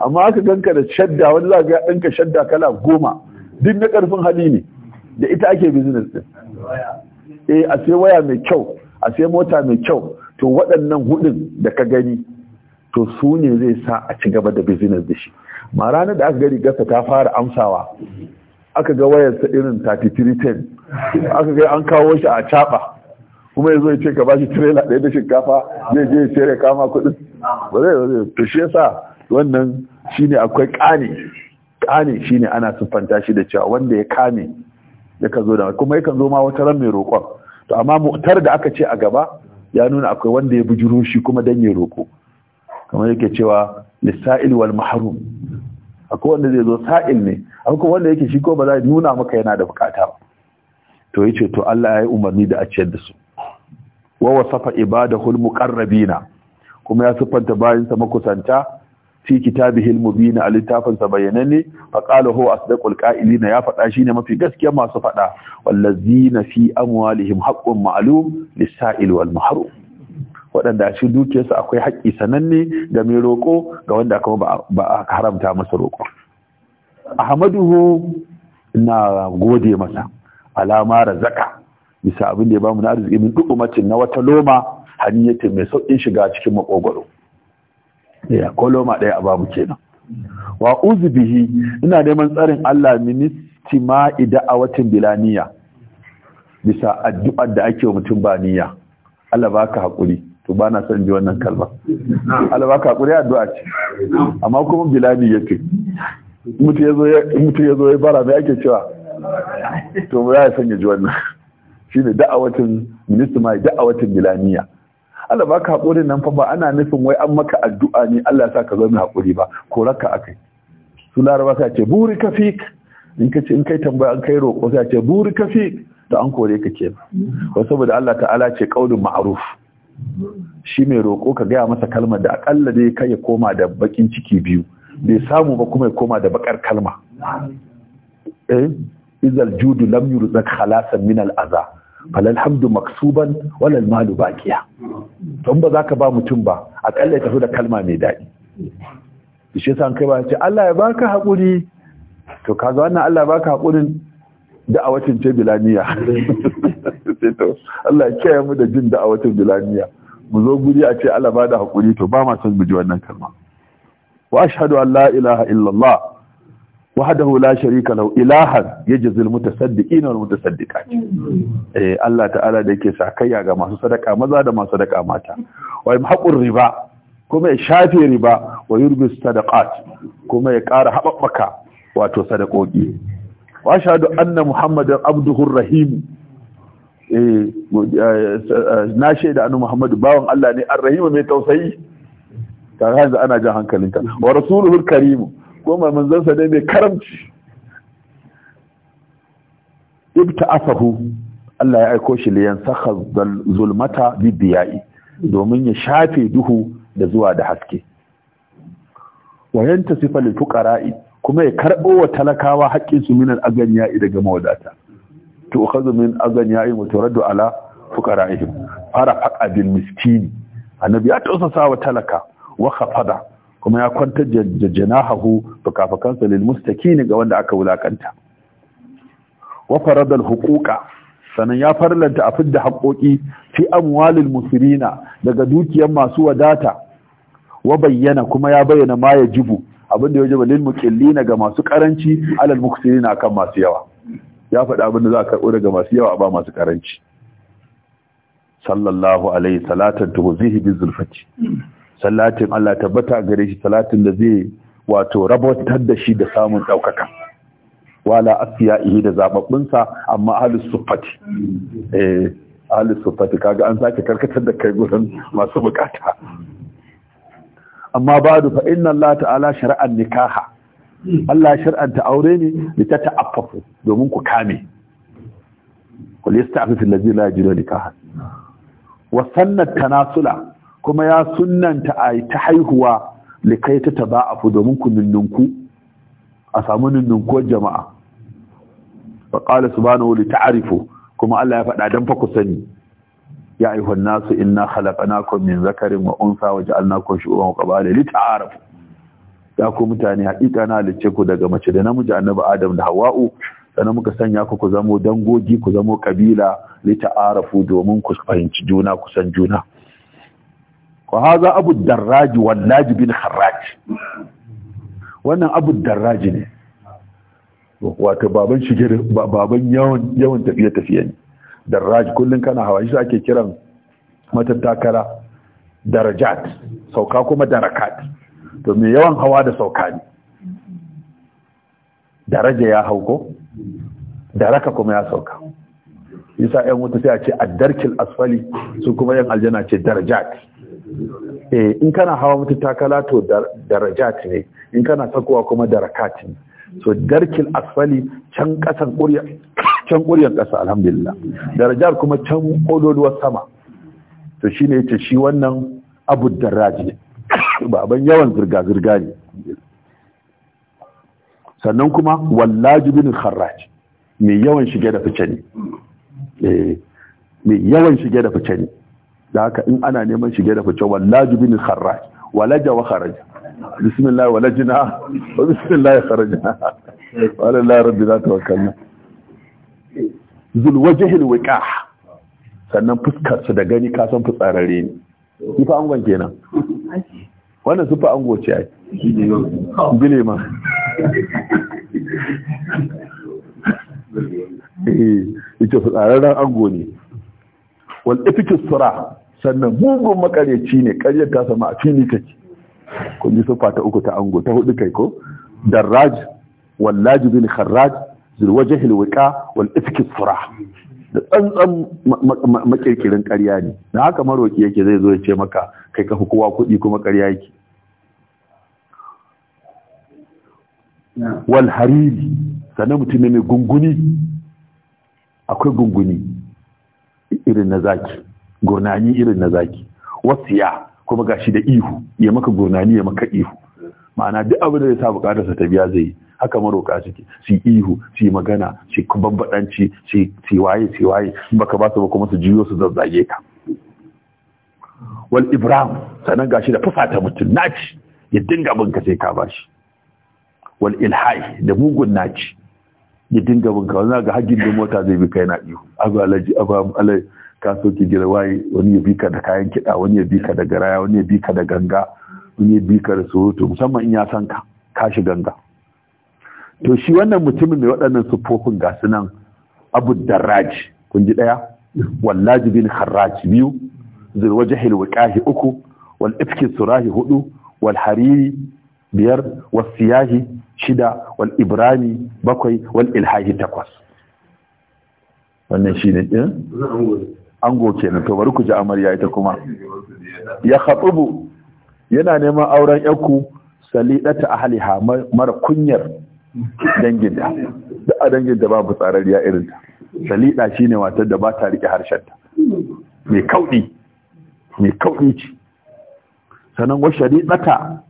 S1: amma aka ganka da shadda wani za ga ɗanka shadda kala goma duk na ƙarfin hali ne da ita ake business din eh a sai waya mai kyau a sai mota mai kyau to waɗannan hudun da ka gani to su ne zai sa a ci gaba da business da shi ma ranar da aka gari gasa ta fara amsawa aka ga wayarsa irin 3310 aka ga an kawo shi a caɓa kuma ya zo ya ce ka bashi tirela ɗaya da shinkafa zai je ya cire kama kuɗin ba zai zai to shi yasa wannan shine akwai ƙane ƙane shine ana siffanta shi da cewa wanda ya kame Ya ka zo da kuma yakan zo ma wata ran mai roƙon to amma mu'tar da aka ce a gaba ya nuna akwai wanda ya bujuro shi kuma dan ya roƙo kamar yake cewa lisa'il wal mahrum akwai wanda zai zo sa'il ne akwai wanda yake shi ko ba za nuna maka yana da bukata ba to yace to Allah ya yi umarni da a ciyar da su wa wasafa ibadahul muqarrabina kuma ya siffanta bayansa makusanta fi kitabihi al-mubin a littafin sa bayananne fa qala huwa asdaqul qa'ilina ya fada shine mafi gaskiya masu fada wallazina fi amwalihim haqqun ma'lum lis-sa'il wal mahrum wadanda shi dukiyarsu akwai haƙƙi sananne ga mai roƙo ga wanda kuma ba a haramta masa roƙo ahmaduhu na gode masa alama razaka bisa abin da ya bamu na arziki min duk umatin na wata loma haniyatin mai sauƙin shiga cikin makogwaro ya ko loma ɗaya a bamu kenan wa uzbihi ina neman tsarin Allah ministi ma watan bilaniya bisa addu'ar da ake wa mutum ba niyya Allah baka hakuri to ba na son ji wannan kalma Allah baka hakuri addu'a ce amma kuma bilani yake mutu yazo ya mutu yazo ya bara me ake cewa to ba ya son ya ji wannan shine da'awatin ministan mai da'awatin milaniya Allah baka hakurin nan fa ba ana nufin wai an maka addu'a ne Allah ya sa ka mai hakuri ba ko raka akai su laraba sai ce buri kafik in kace in kai tambaya an kai roƙo sai ce buri kafik to an kore ka kena. ba saboda Allah ta'ala ce qaulun ma'ruf shi mai roƙo ka gaya masa kalmar da akalla dai kai ya koma da bakin ciki biyu bai samu ba kuma ya koma da bakar kalma eh izal judu lam yurzak khalasan min al aza falal hamdu maksuban walal malu baqiya don ba zaka ba mutum ba akalla ya tafi da kalma mai daɗi shi yasa kai ba ce Allah ya baka hakuri to kaza wannan Allah ya baka hakurin da'awacin ce bilaniya sai to Allah ya kiyaye mu da jin da'awacin bilaniya mu zo guri a ce Allah ba da hakuri to ba ma san mu ji wannan kalma wa ashhadu an la ilaha illallah wahdahu la sharika lahu ilahan yajzil mutasaddiqina wal mutasaddiqat eh Allah ta'ala da yake sakayya ga masu sadaka maza da masu sadaka mata wa yamhaqur riba kuma ya shafe riba wa yurbi sadaqat kuma ya ƙara haɓaɓɓaka wato sadakoki wa shahadu anna muhammadan abduhur rahim eh na shaida annabi muhammadu bawan Allah ne arrahim mai tausayi kaga yanzu ana jan hankalinka wa rasuluhul karimu. goma manzansa ne mai karamci ibta afahu Allah ya aiko shi liyan saka zulmata bidiyai domin ya shafe duhu da zuwa da haske Wayanta sifali lil fuqara'i kuma ya karɓo wa talakawa haƙƙin su minan aganiya'i daga mawadata to ukhadhu min aganiya'i mutaraddu ala fuqara'ihim fara faqa bil miskini annabi ya tausasa wa talaka wa khafada kuma ya kwantar da janahahu fukafukansa lil mustakin ga wanda aka wulakanta wa faradal huquqa sanan ya farlanta a fidda haƙoƙi fi amwalil musirina daga dukiyar masu wadata wa bayyana kuma ya bayyana ma ya jibu abinda ya jaba lil muqillina ga masu karanci alal muksirina akan masu yawa ya faɗa abinda za a karɓo daga masu yawa ba masu karanci sallallahu alaihi salatu salatan tuhzihi bizulfati salatin Allah tabbata gare shi salatin da zai wato rabotar da shi da samun ɗaukaka wala asiyaihi da zababbinsa amma ahlus suffati eh ahlus suffati kaga an sake karkatar da kai gurin masu bukata amma ba'du fa inna Allah ta'ala shar'an nikaha Allah shar'anta aure ne da ta ta'affafu domin ku kame kul yasta'fifu allazi la yajidu nikaha wa sannat tanasula kuma ya sunanta a ta haihuwa likai ta taba fi domin ku nunnunku a samu nunnunkuwar jama'a wa qala wuli ta arifo kuma Allah ya faɗa dan fa sani ya ayyuhan nasu na khalaqnakum min zakarin wa unsa wa ja'alnakum shu'uban wa ya ku mutane haƙiƙa na halicce ku daga mace da namiji annabi Adam da Hawwa'u sannan muka sanya ku ku zamo dangogi ku zamo kabila li arafu domin ku fahimci juna ku san juna wa haza abu darraji wallaji bin harraji wannan abu darraji ne wato baban shigir baban yawan yawan tafiye tafiye ne darraji kullun kana hawa shi ake kiran matattakala darajat sauka kuma darakat to me yawan hawa da sauka ne daraja ya hauko daraka kuma ya sauka yasa yan wuta sai a ce addarkil asfali su kuma yan aljana ce darajat Eh, in kana hawa mutu takala to darajat ne in kana sakowa kuma darakat ne so darkin asfali can kasan ƙurya can ƙuryan ƙasa alhamdulillah darajar kuma can ƙololuwar sama to shine yace shi wannan abu daraji ne <coughs> baban yawan zirga zirga ne sannan kuma wallaji bin kharraj mai yawan shige da fice ne eh, mai yawan shige da fice ne da haka in ana neman shige da fice wallaju bin kharraj walaja wa kharaja bismillah walajna wa bismillah kharajna wallahi rabbi za tawakkalna zul wajhil wiqah sannan fuskar su da gani ka san fitsarare ne ifa angon kenan wannan sufa ango ce ai bile ma eh ita fitsararren ango ne wal ifikis sura sannan mugun maƙaryaci ne karyar ta sama a fili take kun ji sufa ta uku ta ango ta hudu kai ko darraj wallaji bin kharraj zilwaje hilwika wal ifki fura da tsantsan makirkirin karya ne da haka maroki yake zai zo ya ce maka kai ka kowa kuɗi kuma karya yake wal hariri sanan mutum ne mai gunguni akwai gunguni irin na zaki Gurnani irin na zaki Wasu ya, kuma ga shi da ihu ya maka gurnani ya maka ihu ma'ana duk abin da ya sa bukatarsa ta biya zai haka maroka suke su ihu su magana su babbadanci su waye su waye baka ba su ba kuma su juyo su zazzage ka wal ibrahim sannan shi da fusata mutum naci ya dinga bin ka sai ka bashi wal ilhai da mugun naci ya dinga bin ka wani ga hajjin da mota zai bi kai na ihu abu alaji abu alaji ka soke waye, wani ya bika da kayan kiɗa wani ya bika da garaya wani ya bika da ganga wani ya bika da surutu musamman in ya san ka kashi ganga to shi wannan mutumin mai waɗannan siffofin ga su nan abu darraj kun ji ɗaya wallaji bin harraj biyu zirwajahil wiqahi uku wal ifki surahi hudu wal hariri biyar wal siyahi shida wal ibrani bakwai wal ilhahi takwas wannan shi ne ɗin eh? ango kenan to bari ku ji amarya ita kuma ya khatubu yana neman auren yakku salidata ahliha mara kunyar danginta da a danginta babu tsarariya irin ta salida shine matar da ba ta rike harshen ta mai kaudi mai kaudi ce sanan wa sharidata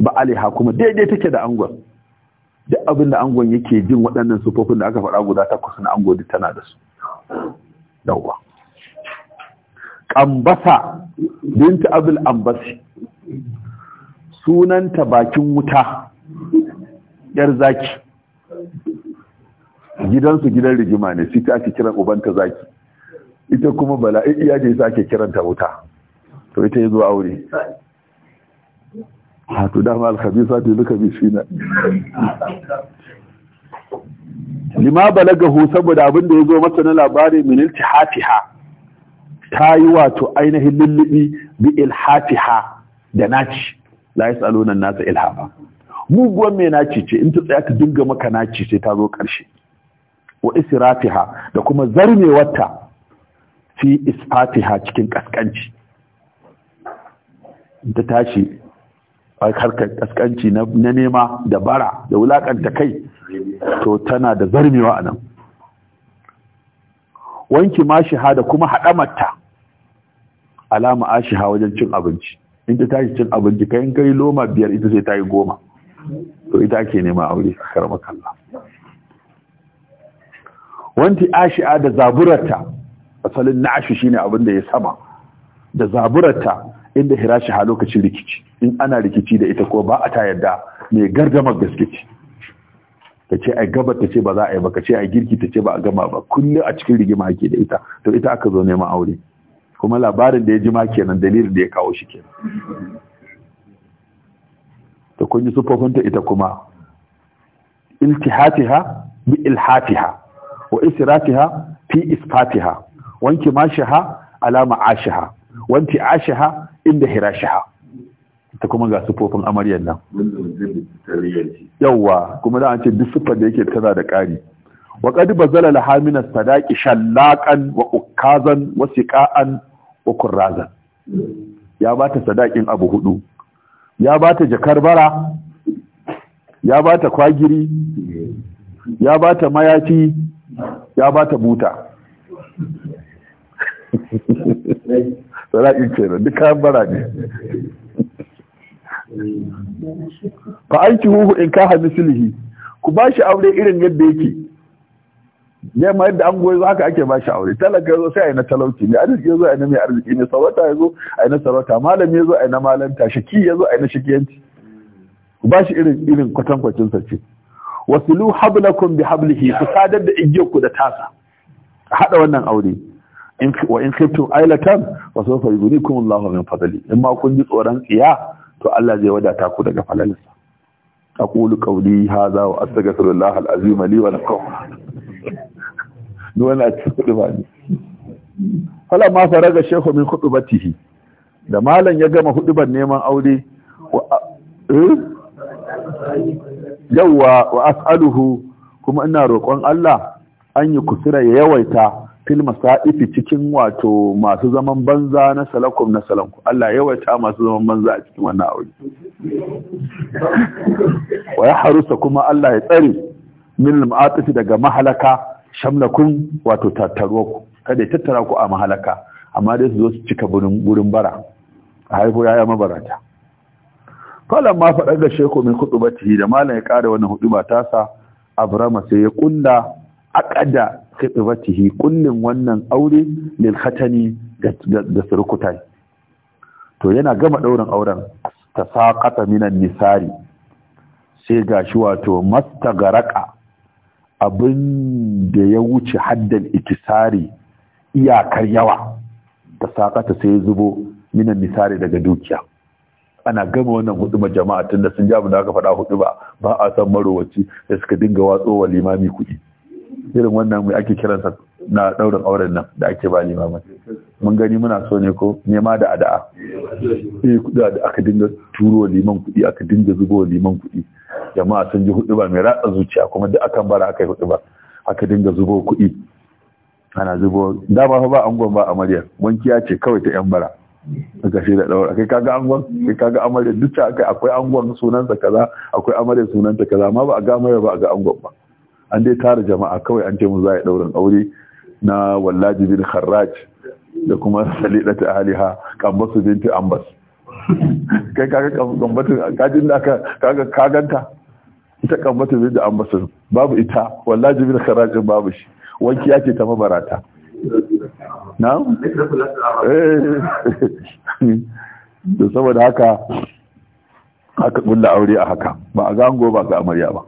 S1: ba aliha kuma daidai take da angon duk abin da angon yake jin waɗannan sufofin da aka faɗa guda takwas na ango angon tana da su yawwa ƙambasa binta abul ambasi sunanta bakin wuta yar zaki gidansu gidan rigima ne shi ake kiran ubanta zaki ita kuma bala'i eh, iya da yasa ake kiranta wuta to ita yazo aure ha to dama al-khabisa to duka bi shi na lima balagahu saboda abin da yazo masa na labari min iltihatiha ta yi wato ainihin lullubi bi ilhatiha da naci la tsalonan nasa ilhama muguwan mai naci ce in ta tsaya ta dinga maka naci sai ta zo ƙarshe wa isratiha da kuma zarmewarta fi isfatiha cikin ƙasƙanci. ta tashi harkar ƙasƙanci na nema da bara da wulaƙanta kai to tana da zarmewa a nan wanki ma da kuma haɗamarta alama ashiha wajen cin abinci in ta tashi cin abinci kayan kai loma biyar ita sai ta yi goma to ita ke nema aure a karama kalla wanti ashi'a da zaburarta asalin na ashi shine abin da ya sama da zaburarta inda hirashi ha lokacin rikici in ana rikici da ita ko ba a ta yarda mai gardamar ce ta ce a gabar ta ce ba za a yi ba ka ce a girki ta ce ba a gama ba kullum a cikin rigima ake da ita to ita aka zo neman aure kuma labarin da ya ji ma kenan dalilin da ya kawo shi kenan Ta kun yi sufafinta ita kuma iltihatiha bi ilhatiha wa isratiha fi isfatiha wanki mashiha alama Ashiha, wanti ashiha inda hirashiha ta kuma ga sufafin amaryar nan yawa kuma da an ce duk siffar da yake tana da ƙari wa qad bazala laha min as-sadaqi shallaqan wa ukazan ukun Raza ya ba ta sadakin abu hudu ya ba ta jakar bara ya ba ta kwagiri ya ba ta mayafi ya ba ta buta sadakin kenan duk kayan bara ne fa'aiki aiki huhu in hannu sulhi ku ba shi aure irin yadda yake ne ma yadda an goyi haka ake ba shi aure talaka yazo sai ai na talauci ne arziki yazo ai na mai arziki ne sarauta yazo ai na sarauta malami yazo ai na malanta shaki yazo ai na shakiyanci ba shi irin irin kwatan kwacin ce wasilu hablakum bi hablihi ku sadar da igiyar ku da tasa hada wannan aure wa in khiftum ailatan wa sawfa yughnikum Allahu min fadli in ma kun ji tsoron tsiya to Allah zai wadata ku daga falalinsa aqulu qawli hadha wa astaghfirullah al-azim li wa lakum duk wani a ba ne fala ma ga shehu min hudu tihi, da malam ya gama hudu ban neman aure eh? yawwa wa as'aluhu kuma ina roƙon Allah an yi kusura ya yawaita fil masaifi cikin wato masu zaman banza na salakum na salanku Allah yawaita masu zaman banza a cikin wannan aure wa ya harusa kuma Allah ya tsare min al daga mahalaka shamlakun wato tattaruwa ku kada tattara ku a mahalaka amma dai su zo su cika gurin bara a haifo yaya mabarata falan ma faɗar da sheku min khutubatihi da malam ya ƙara wannan huduba tasa abrama sai ya kulla aqada khutubatihi kullin wannan aure lil khatani da surukutai to yana gama ɗaurin auren ta ƙasa minan nisari sai gashi wato mastagaraka abin da ya wuce haddan ikisari iyakar yawa ta sakata sai zubo minan misari daga dukiya ana gama wannan ma jama'a tunda sun abu da aka faɗa hudu ba ba a san marowaci da suka dinga watso wa limami kuɗi irin wannan mai ake kiransa na ɗaurin auren nan da ake ba limamai mun gani muna so ne ko nema da ada'a eh kuɗi da aka dinga turo liman kuɗi aka dinga zubo liman kuɗi jama'a sun ji hudu ba mai ratsa zuciya kuma duk akan bara aka yi hudu ba aka dinga zubo kuɗi ana zubo da ba angon ba amarya ya ce kawai ta yan bara daga shi da daura kai kaga angon kai kaga amarya duk ta akai akwai angon sunansa kaza akwai amarya ta kaza amma ba a ga amarya ba a ga angon ba an dai tara jama'a kawai an ce mu za a yi daurin aure na wallaji bin kharraj da kuma ta ahliha kambasu binti ambas <laughs> kai kaga kambatu kajin da ka kaga kaganta ita kan mata zai da ambasar babu ita wallahi jibin kharajin babu shi wanki yake ta mabarata na? da eh. saboda haka aka kulla aure a haka ba a gango ba ga amarya ba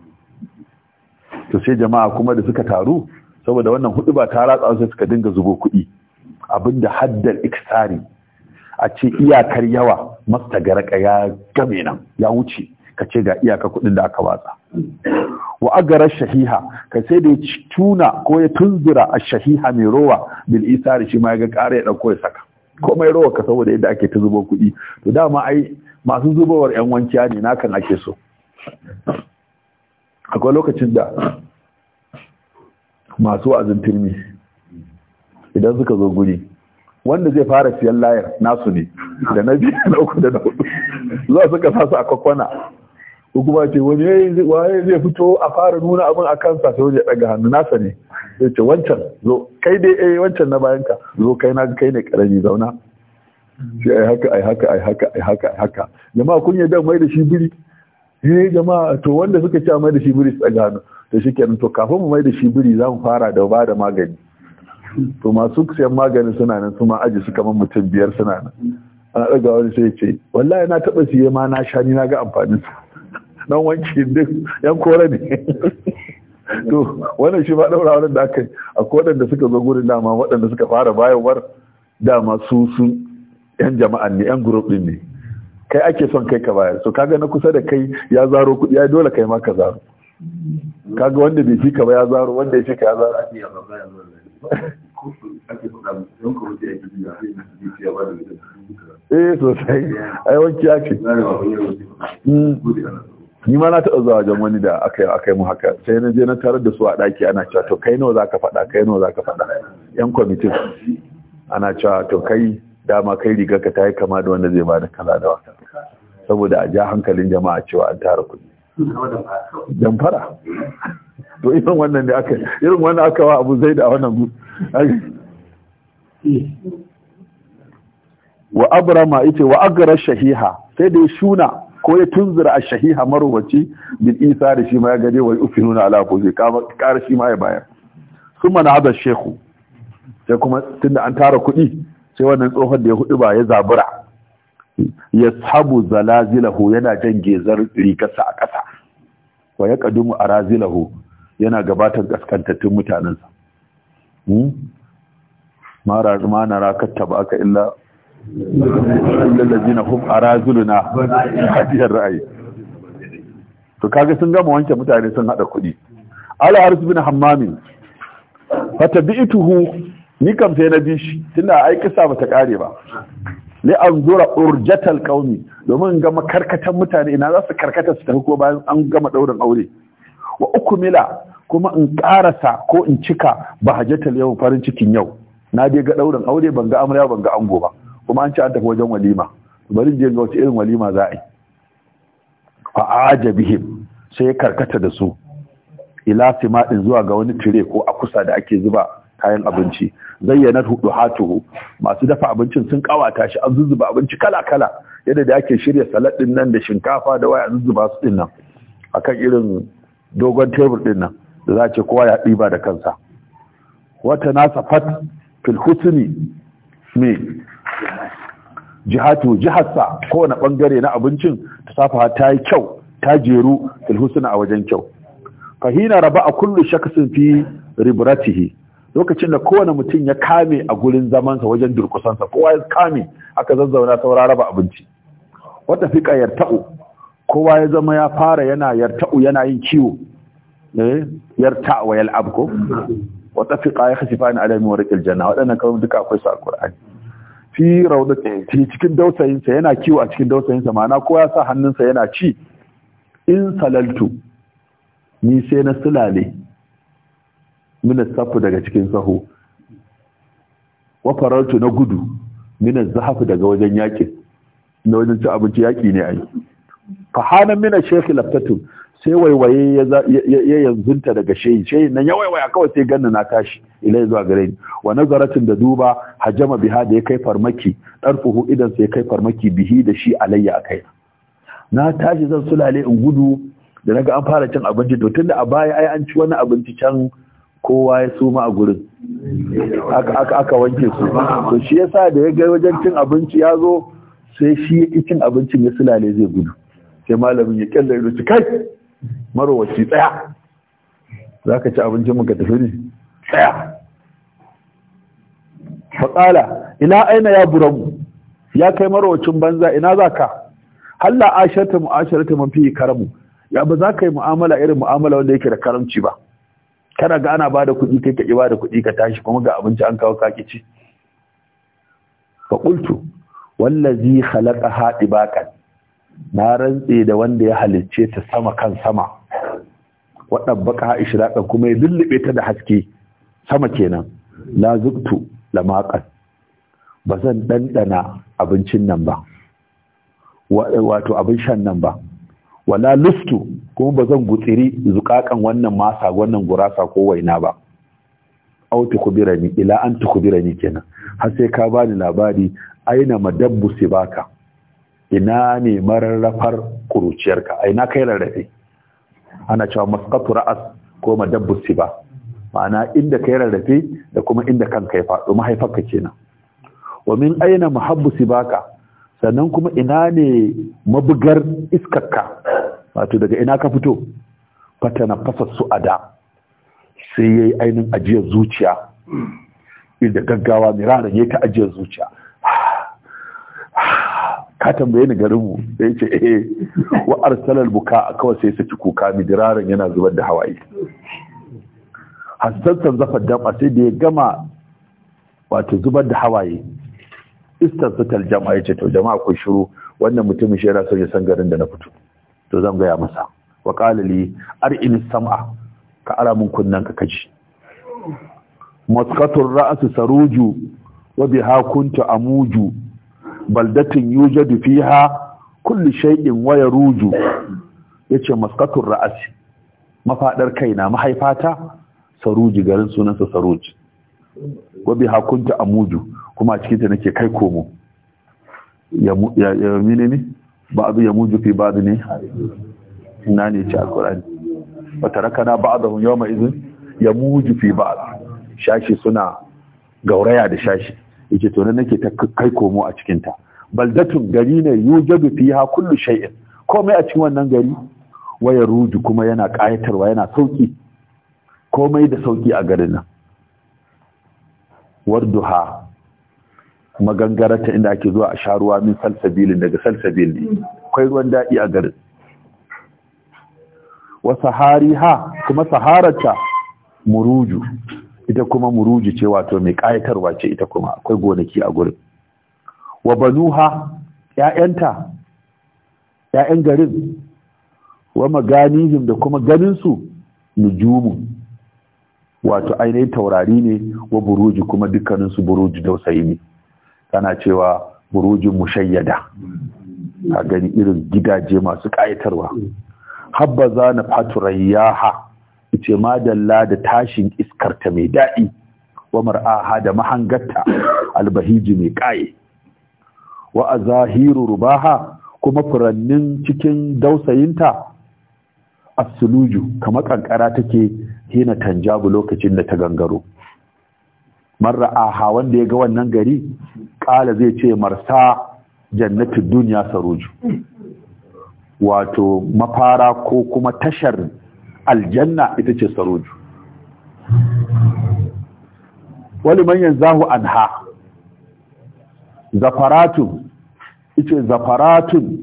S1: to sai jama'a kuma da suka taru saboda wannan hudu ba ta ratsa sai suka dinga zubo kuɗi abinda haddar iksari a ce iyakar yawa masta garaka ya game nan ya wuce ka ce ga iyaka kuɗin da aka watsa wa agara shahiha ka sai da ya tuna ko ya tunzura a shahiha mai rowa bil da shi ma ya ga ƙara ya ɗauko ya saka ko mai rowa ka saboda yadda ake ta zubo kuɗi to dama ai masu zubowar yan wanciya ne nakan ake so akwai lokacin da masu wa'azin firmi idan suka zo guri wanda zai fara siyan layar nasu ne da na biyu na uku da na hudu zuwa suka sa su a kwakwana ko kuma ce wani waye zai fito a fara nuna abin a kansa sai wani ya daga hannu nasa ne sai ce wancan zo kai dai eh wancan na bayan ka zo kai na kai ne karami zauna sai ai haka ai haka ai haka ai haka ai haka jama'a kun yi da mai da shi biri eh jama'a to wanda suka ce mai da shi biri su daga hannu to shikenan to kafin mu mai da shi biri za mu fara da ba da magani to masu siyan magani suna nan su ma aji su kamar mutum biyar suna nan ana daga wani sai ce wallahi na taba siye ma na sha ni na ga amfanin sa dan wanki duk yan kore ne to wannan shi ba daura wannan da aka yi akwai waɗanda suka zo gurin dama waɗanda suka fara bayarwar dama su sun yan jama'an ne yan group din ne kai ake son kai ka bayar so kaga na kusa da kai ya zaro kuɗi ya dole kai ma ka zaro kaga wanda bai fi ka ba ya zaro wanda ya fi ka ya
S2: zaro
S1: eh sosai ai wanki ake ni ma na taɓa zuwa wajen wani da aka yi aka yi mu haka sai na je na tarar da su a ɗaki ana cewa to kai nawa zaka faɗa kai nawa zaka faɗa yan kwamitin ana cewa to kai dama kai riga ka tayi kama da wanda zai bada kaza da wata saboda a ja hankalin jama'a cewa an tara kuɗi dan fara to irin wannan da aka irin wannan aka wa Abu Zaid a wannan wa abrama yace wa agra shahiha sai dai shuna ko ya tunzura a shahiha marubaci bil isa da shi ma ya gaje wai nuna ala zai kara shi ma ya bayar sun mana haɗa shehu sai kuma tunda an tara kuɗi sai wannan tsohon da ya hudu ba ya zabura ya sabu zalazilahu yana jan gezar rigarsa a ƙasa wa ya kadumu a razilahu yana gabatar gaskantattun mutanensa hmm? ma na rakatta ba aka illa lallazina hum arazuluna hadiyar ra'ayi to kaga sun gama wanke mutane sun hada kuɗi ala harus bin hammami tuhu ni kam sai na bi shi tunda ai kisa bata kare ba li zura urjatal qaumi domin ga makarkatan mutane ina za su karkata su tafi ko bayan an gama daurin aure wa ukmila kuma in karasa ko in cika bahajatal yau farin cikin yau na je ga daurin aure ban ga amarya ban ga ango ba kuma an ci an tafi wajen walima bari je ga wace irin walima za a yi fa ajabihim sai ya karkata da su ila simadin zuwa ga wani tire ko a kusa da ake zuba kayan abinci zayyanat hudu hatuhu masu dafa abincin sun kawata shi an zuzzuba abinci kala kala yadda da ake shirya salad din nan da shinkafa da waya zuzzuba su din nan akan irin dogon tebur din nan da za ce kowa ya diba da kansa wata nasafat fil husni me jihatu jihatsa kowane bangare na abincin ta safa ta yi kyau ta jeru ilhusuna a wajen kyau fahina raba a kullu shakasin fi riburatihi lokacin da kowane mutum ya kame a gurin zamansa wajen durkusansa kowa ya kame aka zazzauna saura raba abinci wata fiƙa yarta'u kowa ya zama ya fara yana yarta'u yana yin kiwo eh yarta wa yal'ab ko wata fiƙa ya khasifani alamin warqil janna wadannan kawai duka akwai su a fi rauda cikin dausayinsa yana kiwo a cikin dausayinsa ma'ana ko ya sa hannunsa yana ci in salaltu ni sai na sulale minas safu daga cikin saho wa farartu na gudu minas zahafu daga wajen yakin na wajen ci abinci yaki ne a yi fahanan minas shekhi laftatu sai waiwaye ya yanzunta daga shehi shehi nan ya waiwaya kawai sai ganna na tashi ilai zuwa gare ni wa nazaratin da duba hajama biha da ya kai farmaki darfuhu idan ya kai farmaki bihi da shi alayya kai na tashi zan sulale in gudu da naga an fara cin abinci to tunda a baya ai an ci wani abinci can kowa ya suma a gurin aka wanke su to shi yasa da ya ga wajen cin abinci ya zo sai shi cin abincin ya sulale zai gudu sai malamin ya kyalle ci kai marowaci tsaya za ka ci abincin muka tafi ne tsaya faƙala ina aina ya buramu ya kai marowacin banza ina za ka halla ashirta mu'ashirta mafi fi karamu ya ba za ka yi mu'amala irin mu'amala wanda yake da karamci ba kana ga ana da kuɗi kai ka ba da kuɗi ka tashi kuma ga abinci an kawo kaki ci fa qultu wallazi haɗi ibaqan na rantse da wanda ya halicce ta sama kan sama waɗan baka ishraqa kuma ya lullube ta da haske sama kenan la zuktu maƙan. ba zan dandana abincin nan ba wato abin shan nan ba wala lustu kuma ba zan gutsiri zuƙaƙan wannan masa wannan gurasa ko waina ba au tukubirani ila an tukubirani kenan har sai ka bani labari aina madabbu sibaka ina ne mararrafar kuruciyarka a ina kai rarrafe ana cewa maskatu ra'as ko madabbu siba ma'ana inda kai rarrafe da kuma inda kanka ya faɗo mahaifarka kenan wa min aina muhabbu sibaka sannan kuma ina ne mabugar iskarka wato daga ina ka fito fatana fasa su da, sai yayi ainin ajiyar zuciya inda gaggawa miraran yayi ta ajiyar zuciya ka tambaye ni garinmu? mu sai ce eh Wa'ar arsalal buka kawai sai su ci kuka midiraran yana zubar da hawaye hassan zafa dama sai da ya gama wato zubar da hawaye istansutal jama'a ya ce to jama'a ku shiru wannan mutumin shi yana son ya san garin da na fito to zan gaya masa wa qala li ar'in sam'a ka ara mun kunnan ka kaji maskatur ra'su saruju wa biha kuntu amuju baldatin yujadu fiha kulli shay'in wa yaruju yace maskatu ra'asi mafadar kaina mahaifata saruji garin sunansa saruji wa biha kunta amuju kuma a cikin ta nake kai komo ya ya mine ne ya muju fi ba ne ina ne ci alqur'ani wa tarakana ba'dahu yawma idhin yamuju fi ba'd shashi suna gauraya da shashi yace to nake ta kai komo a cikin ta baldatun gari ne yujadu fiha kullu shay'in komai a cikin wannan gari waya ruju kuma yana kayatarwa yana sauki komai da sauki a garin nan warduha magangararta inda ake zuwa a sharuwa min salsabilin daga salsabil ne ruwan daɗi a garin wa sahariha kuma saharata muruju ita kuma muruji ce wato mai ƙayatarwa ce ita kuma akwai gonaki a gurin wa banuha ‘ya'yanta ‘ya'yan garin wa maganihim da kuma ganinsu nujumu wato ainihin taurari ne wa buruji kuma dukkaninsu buruji dausayi ne tana cewa burujin mushayyada a gani irin gidaje masu ƙayatarwa habba za na faturayyaha ce madalla da tashin iskarta mai daɗi wa mar'aha da mahangarta albahiji mai ƙaye wa a zahiru rubaha kuma furannin cikin dausayinta suluju kamar ƙanƙara take hina tanjabu lokacin da ta gangaro Marra Aha wanda ya ga wannan gari ƙala zai ce marsa jannatin duniya saruju wato mafara ko kuma tashar aljanna ita ce saroju wani manyan zahu anha zafaratun ita zafaratun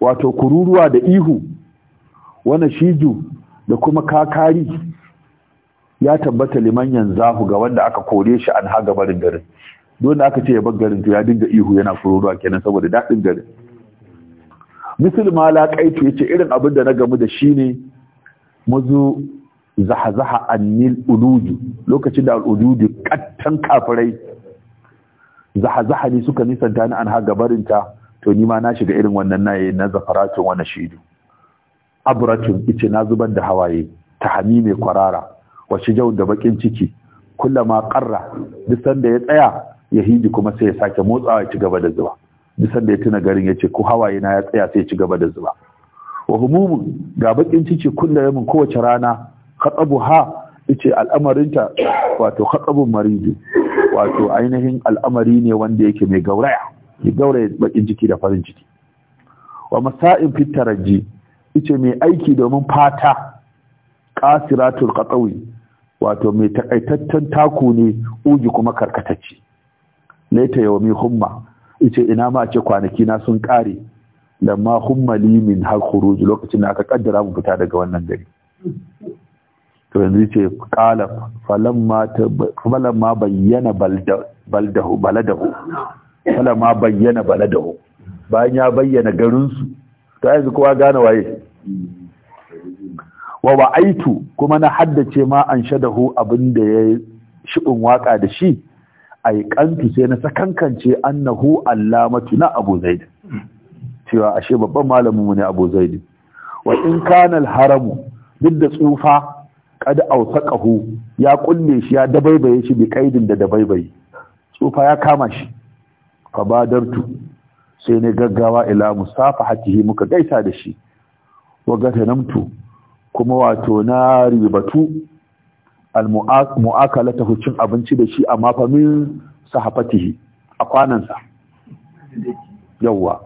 S1: wato kururuwa da ihu wani shiju da kuma kakari ya tabbata liman zahu ga wanda aka kore shi anha ga barin garin don aka ce ya bar garin to ya dinga ihu yana kururuwa kenan saboda daɗin garin musulma laƙaitu yace irin abin da na gamu da shi ne Muzu zaha-zaha annil uluju lokacin da al'uluju kattan kafirai zaha-zaha ne suka nisanta ni an ha ta to ni ma na shiga irin wannan naye na zafaratun wani shidu aburatun ice na zubar da hawaye ta hami mai kwarara wasu jau da bakin ciki kullama karra duk da ya tsaya ya hiji kuma sai ya sake motsawa ya ci gaba da zuba duk da ya tuna garin ya ce ko hawaye na ya tsaya sai ya ci gaba da zuba wa humumun ga bakin ciki kulla yamin kowace rana katsabu ha ice al'amarinta wato katsabun maridu wato ainihin al'amari ne wanda yake mai gauraya mai gauraya bakin ciki da farin ciki wa masa'in fitaraji ice mai aiki domin fata kasiratul katsawi wato mai takaitaccen taku ne uji kuma karkatacci, laita yawmi humma ice ina ma ce kwanaki na sun kare da ma hummali min har khuruj lokacin da aka kaddara mu fita daga wannan gari to yanzu ce qala falamma falamma bayyana baldahu baladahu falamma bayyana baladahu bayan ya bayyana garinsu. su to yanzu kowa gane waye wa wa'aitu kuma na haddace ma an shadahu abin da ya shibin waka da shi kantu sai na sakankance annahu allamatu na abu zaid cewa ashe babban malamin ne abu zaidi wa in kana haramu duk da tsufa kad ausaqahu ya kulle shi ya dabaibaye shi bi kaidin da dabaibaye tsufa ya kama shi fa badartu sai ne gaggawa ila musafahatihi muka gaisa da shi wa gatanamtu kuma wato na ribatu al mu'akalatahu cin abinci da shi amma fa min sahafatihi a kwanansa yawwa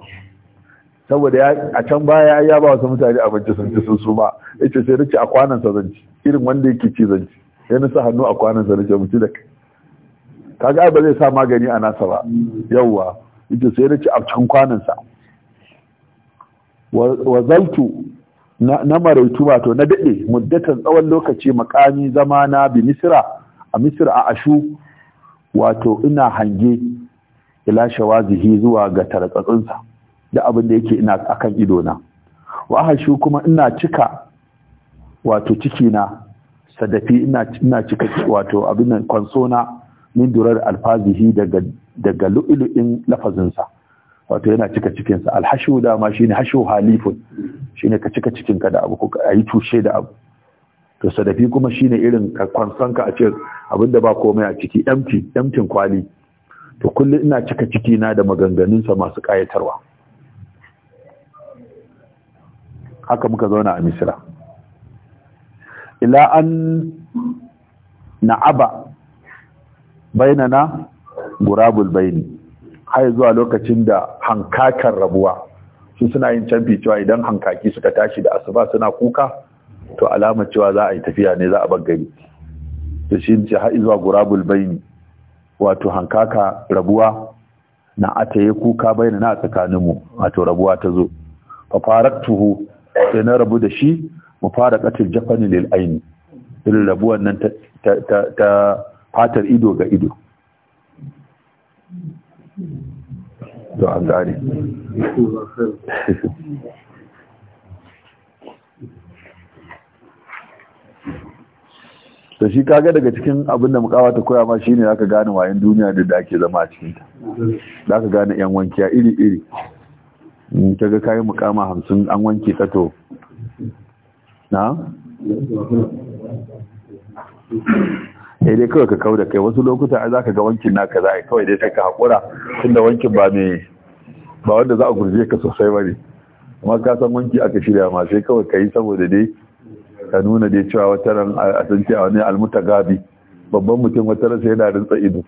S1: saboda a can baya ya ba wasu mutane abinci sun ci sun suma ce sai rike a kwanan sa zanci irin wanda yake ci zanci sai na sa hannu a kwanan sa rike mutu da kaga ba zai sa magani a nasa ba yawwa yace sai rike a can kwanan sa wa zaltu na maraitu wato na dade muddatan tsawon lokaci makami zama na bi misra a misra a ashu wato ina hange ila shawazihi zuwa ga tarqatsinsa da abin da yake ina akan idona wa kuma ina cika wato cikina sadafi ina ina cika wato abin nan konsona min durar alfazihi daga daga lu'lu'in lafazinsa wato yana cika cikinsa alhashu ma shine hashu halifun shine ka cika cikinka da abu ko ka yi tushe da abu to sadafi kuma shine irin ka kwansanka a ce abinda ba komai a ciki empty empty kwali to kullum ina cika ciki na da maganganunsa masu kayatarwa haka muka zauna a misira ila an na'aba bainana gurabul baini Hai zuwa lokacin da hankakan rabuwa su suna yin canfi cewa idan hankaki suka tashi da asuba suna kuka to alama cewa za a yi tafiya ne za a bar gari to shi ce hai zuwa gurabul baini wato hankaka rabuwa na ataye kuka bainana a tsakaninmu wato rabuwa ta zo fa tuhu. sai na rabu da shi mu fara katil jafani lil aini irin rabuwan nan ta fatar ido ga ido to an gane da <laughs> shi kaga daga cikin abin da mukawa ta koya ma shine zaka gane wayan duniya da ake zama a cikin
S2: ta
S1: zaka gane yan wankiya iri iri ta ga kayan mukama hamsin an wanke tsato na? ya dai kawai ka kau da kai wasu lokuta a za ka ga wankin naka za a kawai dai sai ka haƙura da wankin ba mai ba wanda za a gurje ka sosai ba ne amma ka san wanki aka shirya ma sai kawai ka yi saboda dai ka nuna dai cewa wata ran a sun ce a wani almuta gabi babban mutum wata ran sai yana rinsa ido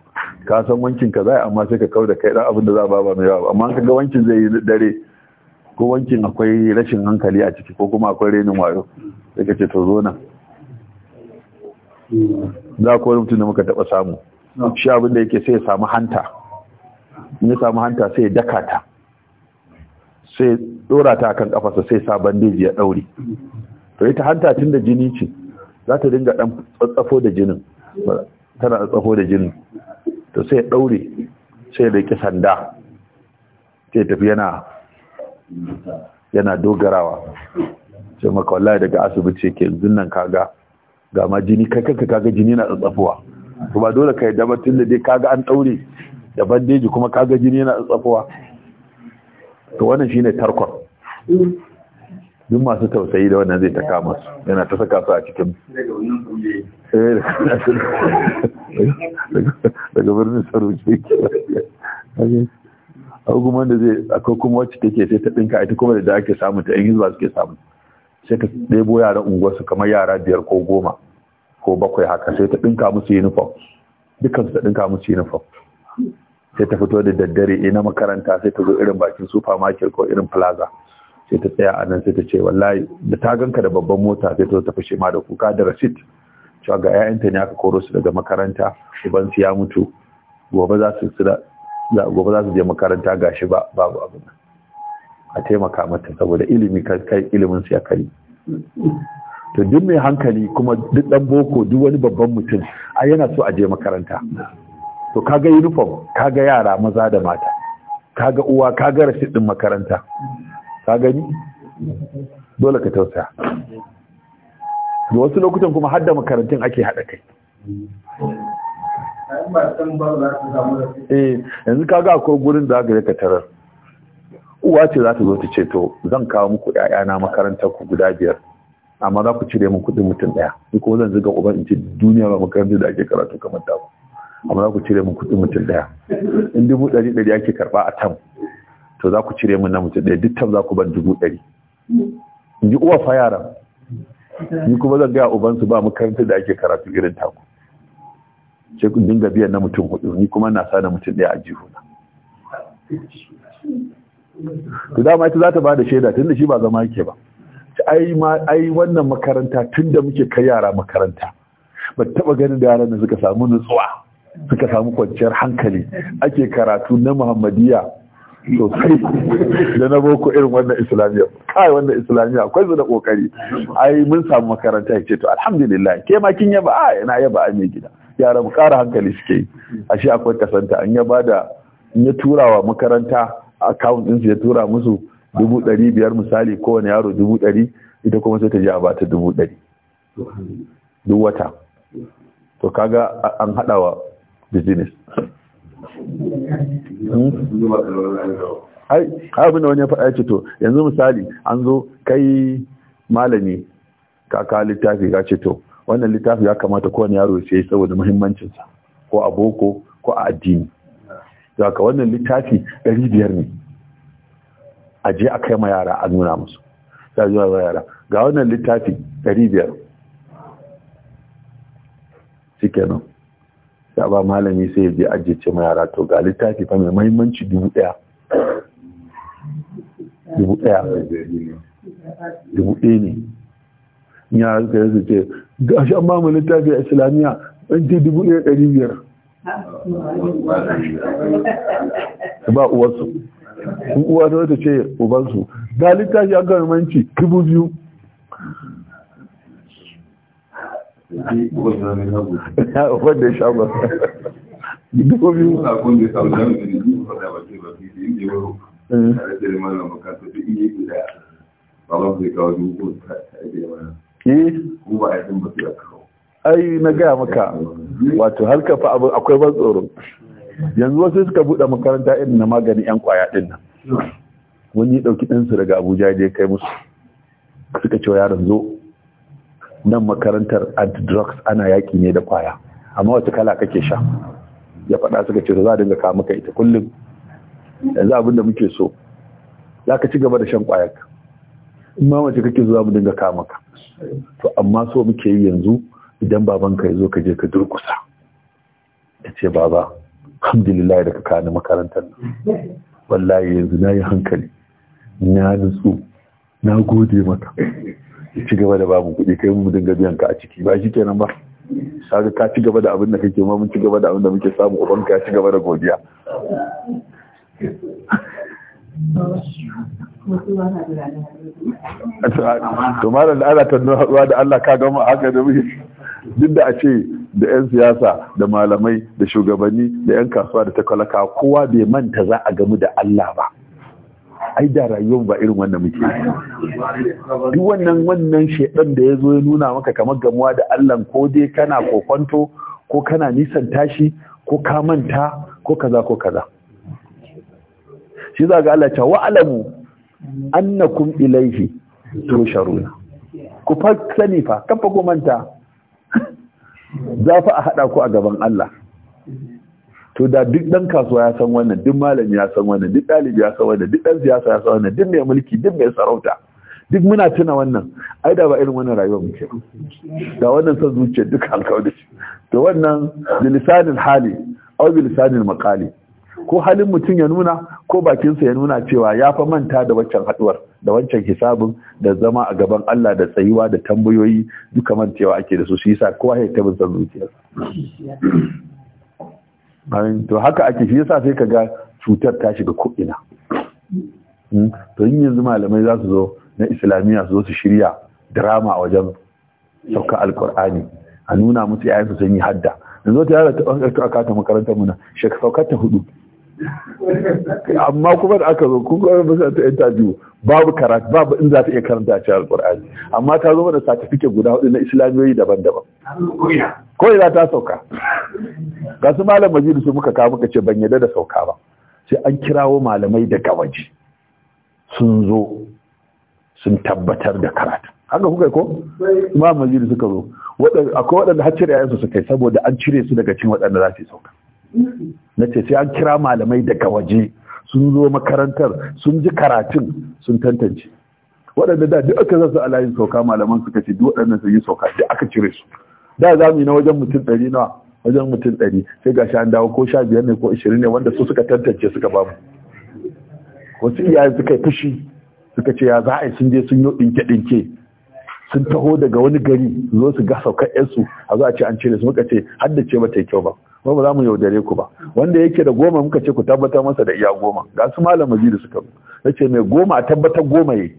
S1: ka san wankin ka za a amma sai ka kau da kai dan abin da za a ba ba mai yawa amma ka ga wankin zai yi dare ko wankin akwai rashin hankali a ciki ko kuma akwai renin wayo sai ka ce to zo nan za ko mutum da muka taɓa samu shi abin da yake sai ya samu hanta in ya samu hanta sai ya daka ta sai ya ta akan kafarsa sai sa bandeji ya ɗauri. to ita hanta tun da jini ce za ta dinga ɗan tsatsafo da jinin tana tsatsafo da jinin to sai ya ɗauri, sai ya rike sanda sai tafi yana yana dogarawa ce maka wallahi daga asibiti ke yanzu nan kaga ga ma jini kai kanka kaga jini na tsatsafuwa to ba dole kai da batun da dai kaga an daure da bandeji kuma kaga jini yana tsatsafuwa to wannan shine tarkon duk masu tausayi da wannan zai ta kama su yana ta saka su a cikin eh, <laughs> daga birnin saruki hukumar da zai akwai kuma wacce take sai ta ɗinka ita kuma da ake samu ta yan hizba suke samu sai ta ɗebo yaran unguwarsu kamar yara biyar ko goma ko bakwai haka sai ta ɗinka musu uniform dukkan su ta ɗinka musu uniform sai ta fito da daddare ina eh, makaranta sai ta zo irin bakin supermarket ko irin plaza sai ta tsaya a nan sai ta ce wallahi da ta ganka da babban mota sai ta ta fashe ma da kuka da receipt cewa ga 'ya'yanta ne aka koro su daga makaranta uban su ya mutu gobe za su gobe za su je makaranta shi ba babu abin a taimaka mata saboda ilimi kai ilimin su ya kari to duk mai hankali kuma duk dan boko duk wani babban mutum a yana so a je makaranta to kaga uniform kaga yara maza da mata kaga uwa kaga rashid din makaranta ka gani dole ka tausaya da wasu lokutan kuma har da makarantun ake haɗa kai eh yanzu kaga akwai gurin da aka ka tarar uwa ce za ta zo ta ce to zan kawo muku ƴaƴana makaranta ku guda biyar amma za ku cire min kuɗin mutum ɗaya ni kuma zan zuga uban in ce duniya ba makarantar da ake karatu kamar ta amma za ku cire min kuɗin mutum ɗaya in dubu ɗari ɗari ake karɓa a tam to za ku cire min na mutum ɗaya duk tam za ku ban dubu ɗari in ji uwa fa yaran ni kuma zan gaya ubansu ba makarantar da ake karatu irin taku sai ku dinga biyan na mutum hudu ni kuma na sa mutum ɗaya a jihuna to dama ita za ta ba da shaida tunda shi ba zama yake ba ai ai wannan makaranta tunda muke kai yara makaranta ba taba ganin da yaran da suka samu nutsuwa suka samu kwanciyar hankali ake karatu na muhammadiya sosai da na boko irin wannan islamiyya kai wannan islamiyya akwai su da kokari ai mun samu makaranta ya ce to alhamdulillah ke ma yaba a ina yaba a mai gida yara mu hankali suke yi ashe akwai kasanta an ya bada in ya tura wa makaranta account ɗinsu ya tura musu dubu ɗari biyar misali kowane yaro dubu ɗari ita kuma sai ta ji a bata dubu ɗari duk wata to kaga an haɗa wa business hmm? ai abin da wani ya faɗa ya ce to yanzu misali an zo kai malami ka littafi ka ce to wannan littafi ya kamata kowane yaro ya sai saboda muhimmancinsa ko a boko ko a addini da ka wannan littafi ɗari biyar ne a je a kai ma yara a nuna musu ya zuwa yara ga wannan littafi ɗari biyar shi nan ya ba malami sai ya je ajiye ce ma yara to ga littafi fa mai mahimmanci dubu ɗaya dubu ɗaya dubu ɗaya ne ya suka yi su ce gashi an mu littafi islamiyya ɗan ce dubu ɗaya ɗari biyar
S2: ba uwarsu uwa
S1: ta wata ce ubansu ga littafi a gama dubu biyu ya sha ba biyu eh. kawo ta ɗaya Eh. ai na gaya maka wato halka fa abin akwai ban tsoro yanzu wasu suka buɗe makaranta irin na maganin yan kwaya ɗin nan wani ya ɗauki ɗansu daga abuja da ya kai musu suka ce yaron zo nan makarantar anti-drugs ana yaƙi ne da kwaya amma wata kala kake sha ya faɗa suka ce za a dinga kawo maka ita kullum yanzu abin da muke so za ka ci gaba da shan kwayar in ma mace kake zuwa mu dinga kawo maka to amma so muke yi yanzu idan babanka ya zo ka je ka durkusa ya ce baba alhamdulillah da ka kani makarantar nan wallahi yanzu na yi hankali na nutsu na gode maka ya ci gaba da babu kuɗi kai mu dinga biyan ka a ciki ba shi kenan ba kaga ka ci gaba da abin da kake ma mun ci gaba da abin da muke samu ubanka ya ci gaba da godiya to malam da ana tannu haɗuwa da Allah ka gama haka da muke duk da a ce da 'yan siyasa da malamai da shugabanni da 'yan kasuwa da takwalaka kowa bai manta za a gamu da Allah ba ai da rayuwar ba irin wannan muke duk wannan wannan shedan da ya zo ya nuna maka kamar gamuwa da Allah ko dai kana kokonto ko kana nisan tashi ko ka manta ko kaza ko kaza shi za ga Allah ya ce annakum ilaihi tusharuna ku fa sani fa fa ku manta za fa a hada ku a gaban Allah to da duk dan kasuwa ya san wannan duk malami ya san wannan duk dalibi ya san wannan duk dan siyasa ya san wannan duk mai mulki duk mai sarauta duk muna tuna wannan ai da ba irin wannan rayuwar muke da wannan san zuciya duk alkawari to wannan bilisanil hali aw bilisanil maqali ko halin mutum ya nuna ko bakinsa ya nuna cewa ya fa manta da waccan haduwar da wancan hisabin da zama a gaban Allah da tsayuwa da tambayoyi duka cewa ake da su shi yasa kowa ya tabin san zuciyarsa to haka ake shi yasa sai kaga cutar ta shiga ina to yin yanzu malamai za su zo na islamiyya su zo su shirya drama a wajen sauka alkur'ani a nuna musu yayin su sun yi hadda yanzu ta yara ta ɓangar ta makarantar muna shekara saukar ta hudu amma kuma da aka zo kun ga ba ta interview babu karatu babu in za ta iya karanta a cikin Alƙur'ani. amma ta zo da certificate guda hudu na islamiyoyi daban-daban ko ina ta sauka ga su malam majidu su muka kawo muka ce ban yadda da sauka ba sai an kirawo malamai da gawaji sun zo sun tabbatar da karatu haka kuka ko imam majidu suka zo akwai waɗanda har cire yayansu suka yi saboda an cire su daga cikin waɗanda za su sauka na ce sai an kira malamai daga waje sun zo makarantar sun ji karatun sun tantance waɗanda da duk aka zasu a layin sauka malaman suka ce duk waɗanda sun yi sauka da aka cire su da za mu yi na wajen mutum ɗari na, wajen mutum ɗari sai ga an dawo ko sha biyar ne ko ashirin ne wanda su suka tantance suka ba mu wasu iyaye suka yi fushi suka ce ya za a yi sun je sun yi ɗinke-ɗinke sun taho daga wani gari zo su ga saukar yansu a zo a ce an cire su muka ce haddace ba ta kyau ba ba ba za mu yaudare ku ba wanda yake da goma muka ce ku tabbatar masa da iya goma ga su malam da suka na ce mai goma a tabbatar goma yayi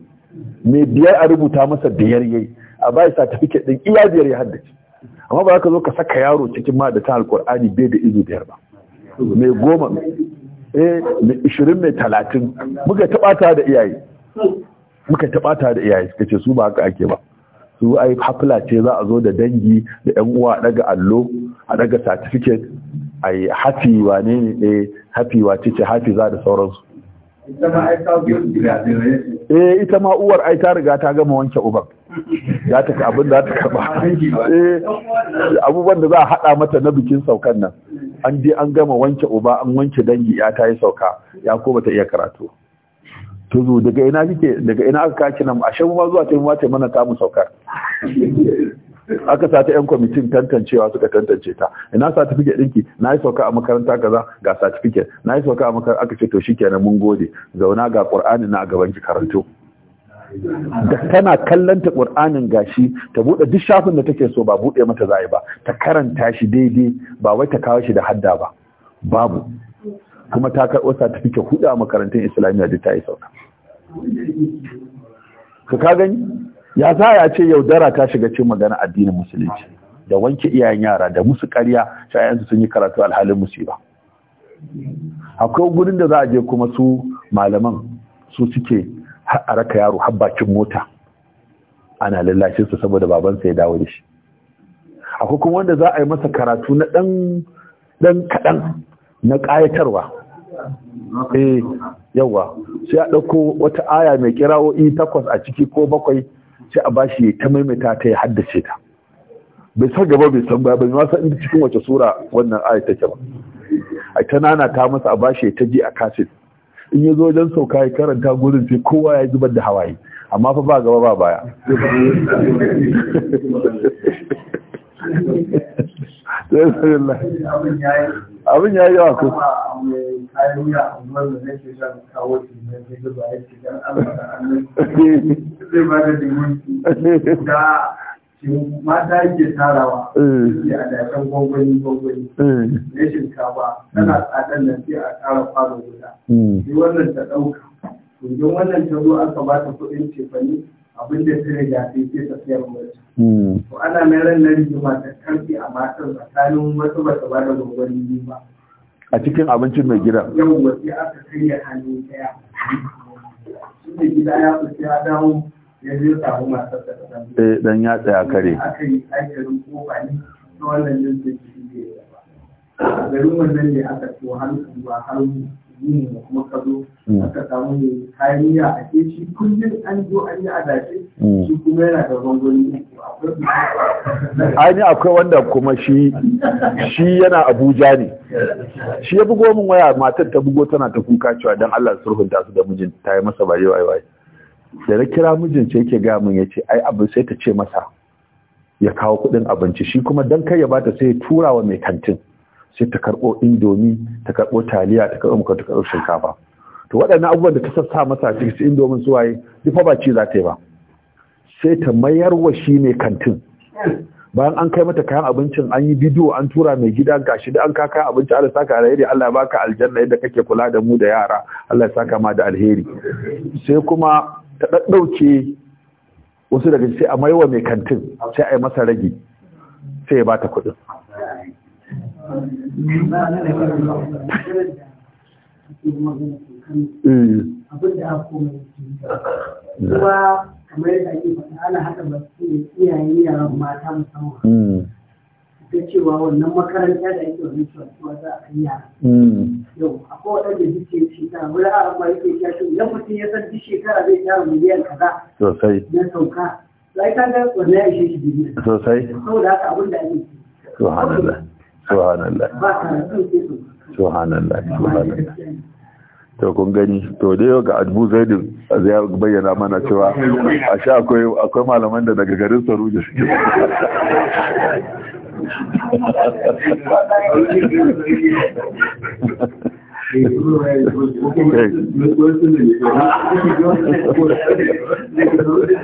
S1: mai biyar a rubuta masa biyar yayi a bai certificate din iya biyar ya haddace amma ba za ka zo ka saka yaro cikin ma da ta alkur'ani bai da izu biyar ba mai goma eh mai ishirin mai talatin muka taɓata da iyaye muka taɓata da iyaye suka ce su ba haka ake ba su ai hafila ce za a zo da dangi da yan uwa daga allo a daga certificate ai hafi wane ne eh hafi wace ce hafi za da sauransu eh? eh ita ma uwar ai ta riga ta gama wanke uban ya ta abin da ta karba <laughs> eh abubuwan da za a hada mata na bikin saukan nan an je an gama wanke uba an wanke dangi ya ta yi sauka ya ko bata iya karatu tuzu daga ina kike daga ina aka kaci nan ashe mu ma zuwa ta mu ta mana ta mu saukar aka sa ta yan kwamitin tantancewa suka tantance ta ina fike dinki na yi sauka a makaranta kaza ga fike na yi sauka a makaranta aka ce to shikenan mun gode zauna ga qur'ani na gaban ki karanto da tana kallon ta qur'anin gashi ta bude duk shafin da take so ba bude mata zai ba ta karanta shi daidai ba wai ta kawo shi da hadda ba babu kuma ta karɓo satifiket hudu a makarantun islamiyya da ta yi sauka ka ka gani ya sa ya ce yaudara ta shiga cin magana addinin musulunci da wanke iyayen yara da musu karya shayansu sun yi karatu alhalin musiba akwai gudun da za a je kuma su malaman su suke a raka yaro har mota ana lallashin su saboda babansa ya dawo da shi akwai kuma wanda za a yi masa karatu na ɗan kaɗan na ƙayatarwa eh yawa sai a ɗauko wata aya mai kirawoi takwas a ciki ko bakwai sai a bashi ta maimaita ta ya haddace ta bai san gaba bai san baya bai ma san inda cikin wace sura wannan aya take ba a ta nana ta masa a shi ta ji a kasin in ya zo wajen sauka ya karanta gurin sai kowa ya zubar da hawaye amma fa ba gaba ba baya
S2: <laughs> abin
S1: ya yi yawa ko mata yake tarawa ya adashen gwangwani gwangwani na shinkafa tana tsadan nan sai a tara fara guda sai wannan ta ɗauka to wannan ta zo aka ba ta kuɗin cefani abin da ta riga sai sai ta siyar mace. Hmm. To ana mai ran nan rigima ta karfi a matan tsakanin wasu ba ta ba da gwagwani ba. A cikin abincin mai gida. Yau
S2: wasu aka karya hannu ɗaya. Shi ne gida ya fi ya
S1: dawo ya zai samu masu da ta Eh dan ya tsaya kare. Aka yi aikin kofa ne ta wannan jinsin shi ne. Garin wannan ne aka ciwo har ba har addini da ne
S2: hmm. hmm.
S1: akwai wanda kuma shi yana abuja ne shi ya bugo min waya matar ta bugo tana ta kuka cewa dan Allah sulhunta su da mijin ta yi masa bare wai da na kira mijin ce yake ga mun yace ai abin sai ta ce masa ya kawo kudin abinci shi kuma dan kai ya bata sai ya tura wa mai kantin sai ta karɓo indomi ta karɓo taliya ta karɓo muka ta karɓo shinkafa to waɗannan abubuwan da ta sassa masa a cikin indomin su waye duk fa ba ci za ta yi ba sai ta mayar wa shi ne kantin bayan an kai mata kayan abincin an yi bidiyo an tura mai gida gashi da an kaka abinci Allah saka alheri Allah ya baka aljanna yadda kake kula da mu da yara Allah ya saka ma da alheri sai kuma ta daddauke wasu daga sai a maiwa mai kantin sai a yi masa rage sai ya bata kuɗin
S2: abin da koma kuma kamar yadda ake faɗa ana haɗa basu ne iyayen yaran mata hmm. cewa wannan makaranta da ake wani cewa za a kai yara hmm. yau
S1: akwai waɗanda suke shekara wani a ma yake ya shi idan mutum ya san duk shekara zai tara miliyan kaza sosai na sauka za ka ga wannan ya shi biliyan sosai saboda haka abin da
S2: ake
S1: subhanallah subhanallah subhanallah to kun gani to dai ga Abu Zaid ya bayyana mana cewa a sha akwai akwai malaman da daga garin Saruji
S2: suke <laughs> <laughs> <laughs>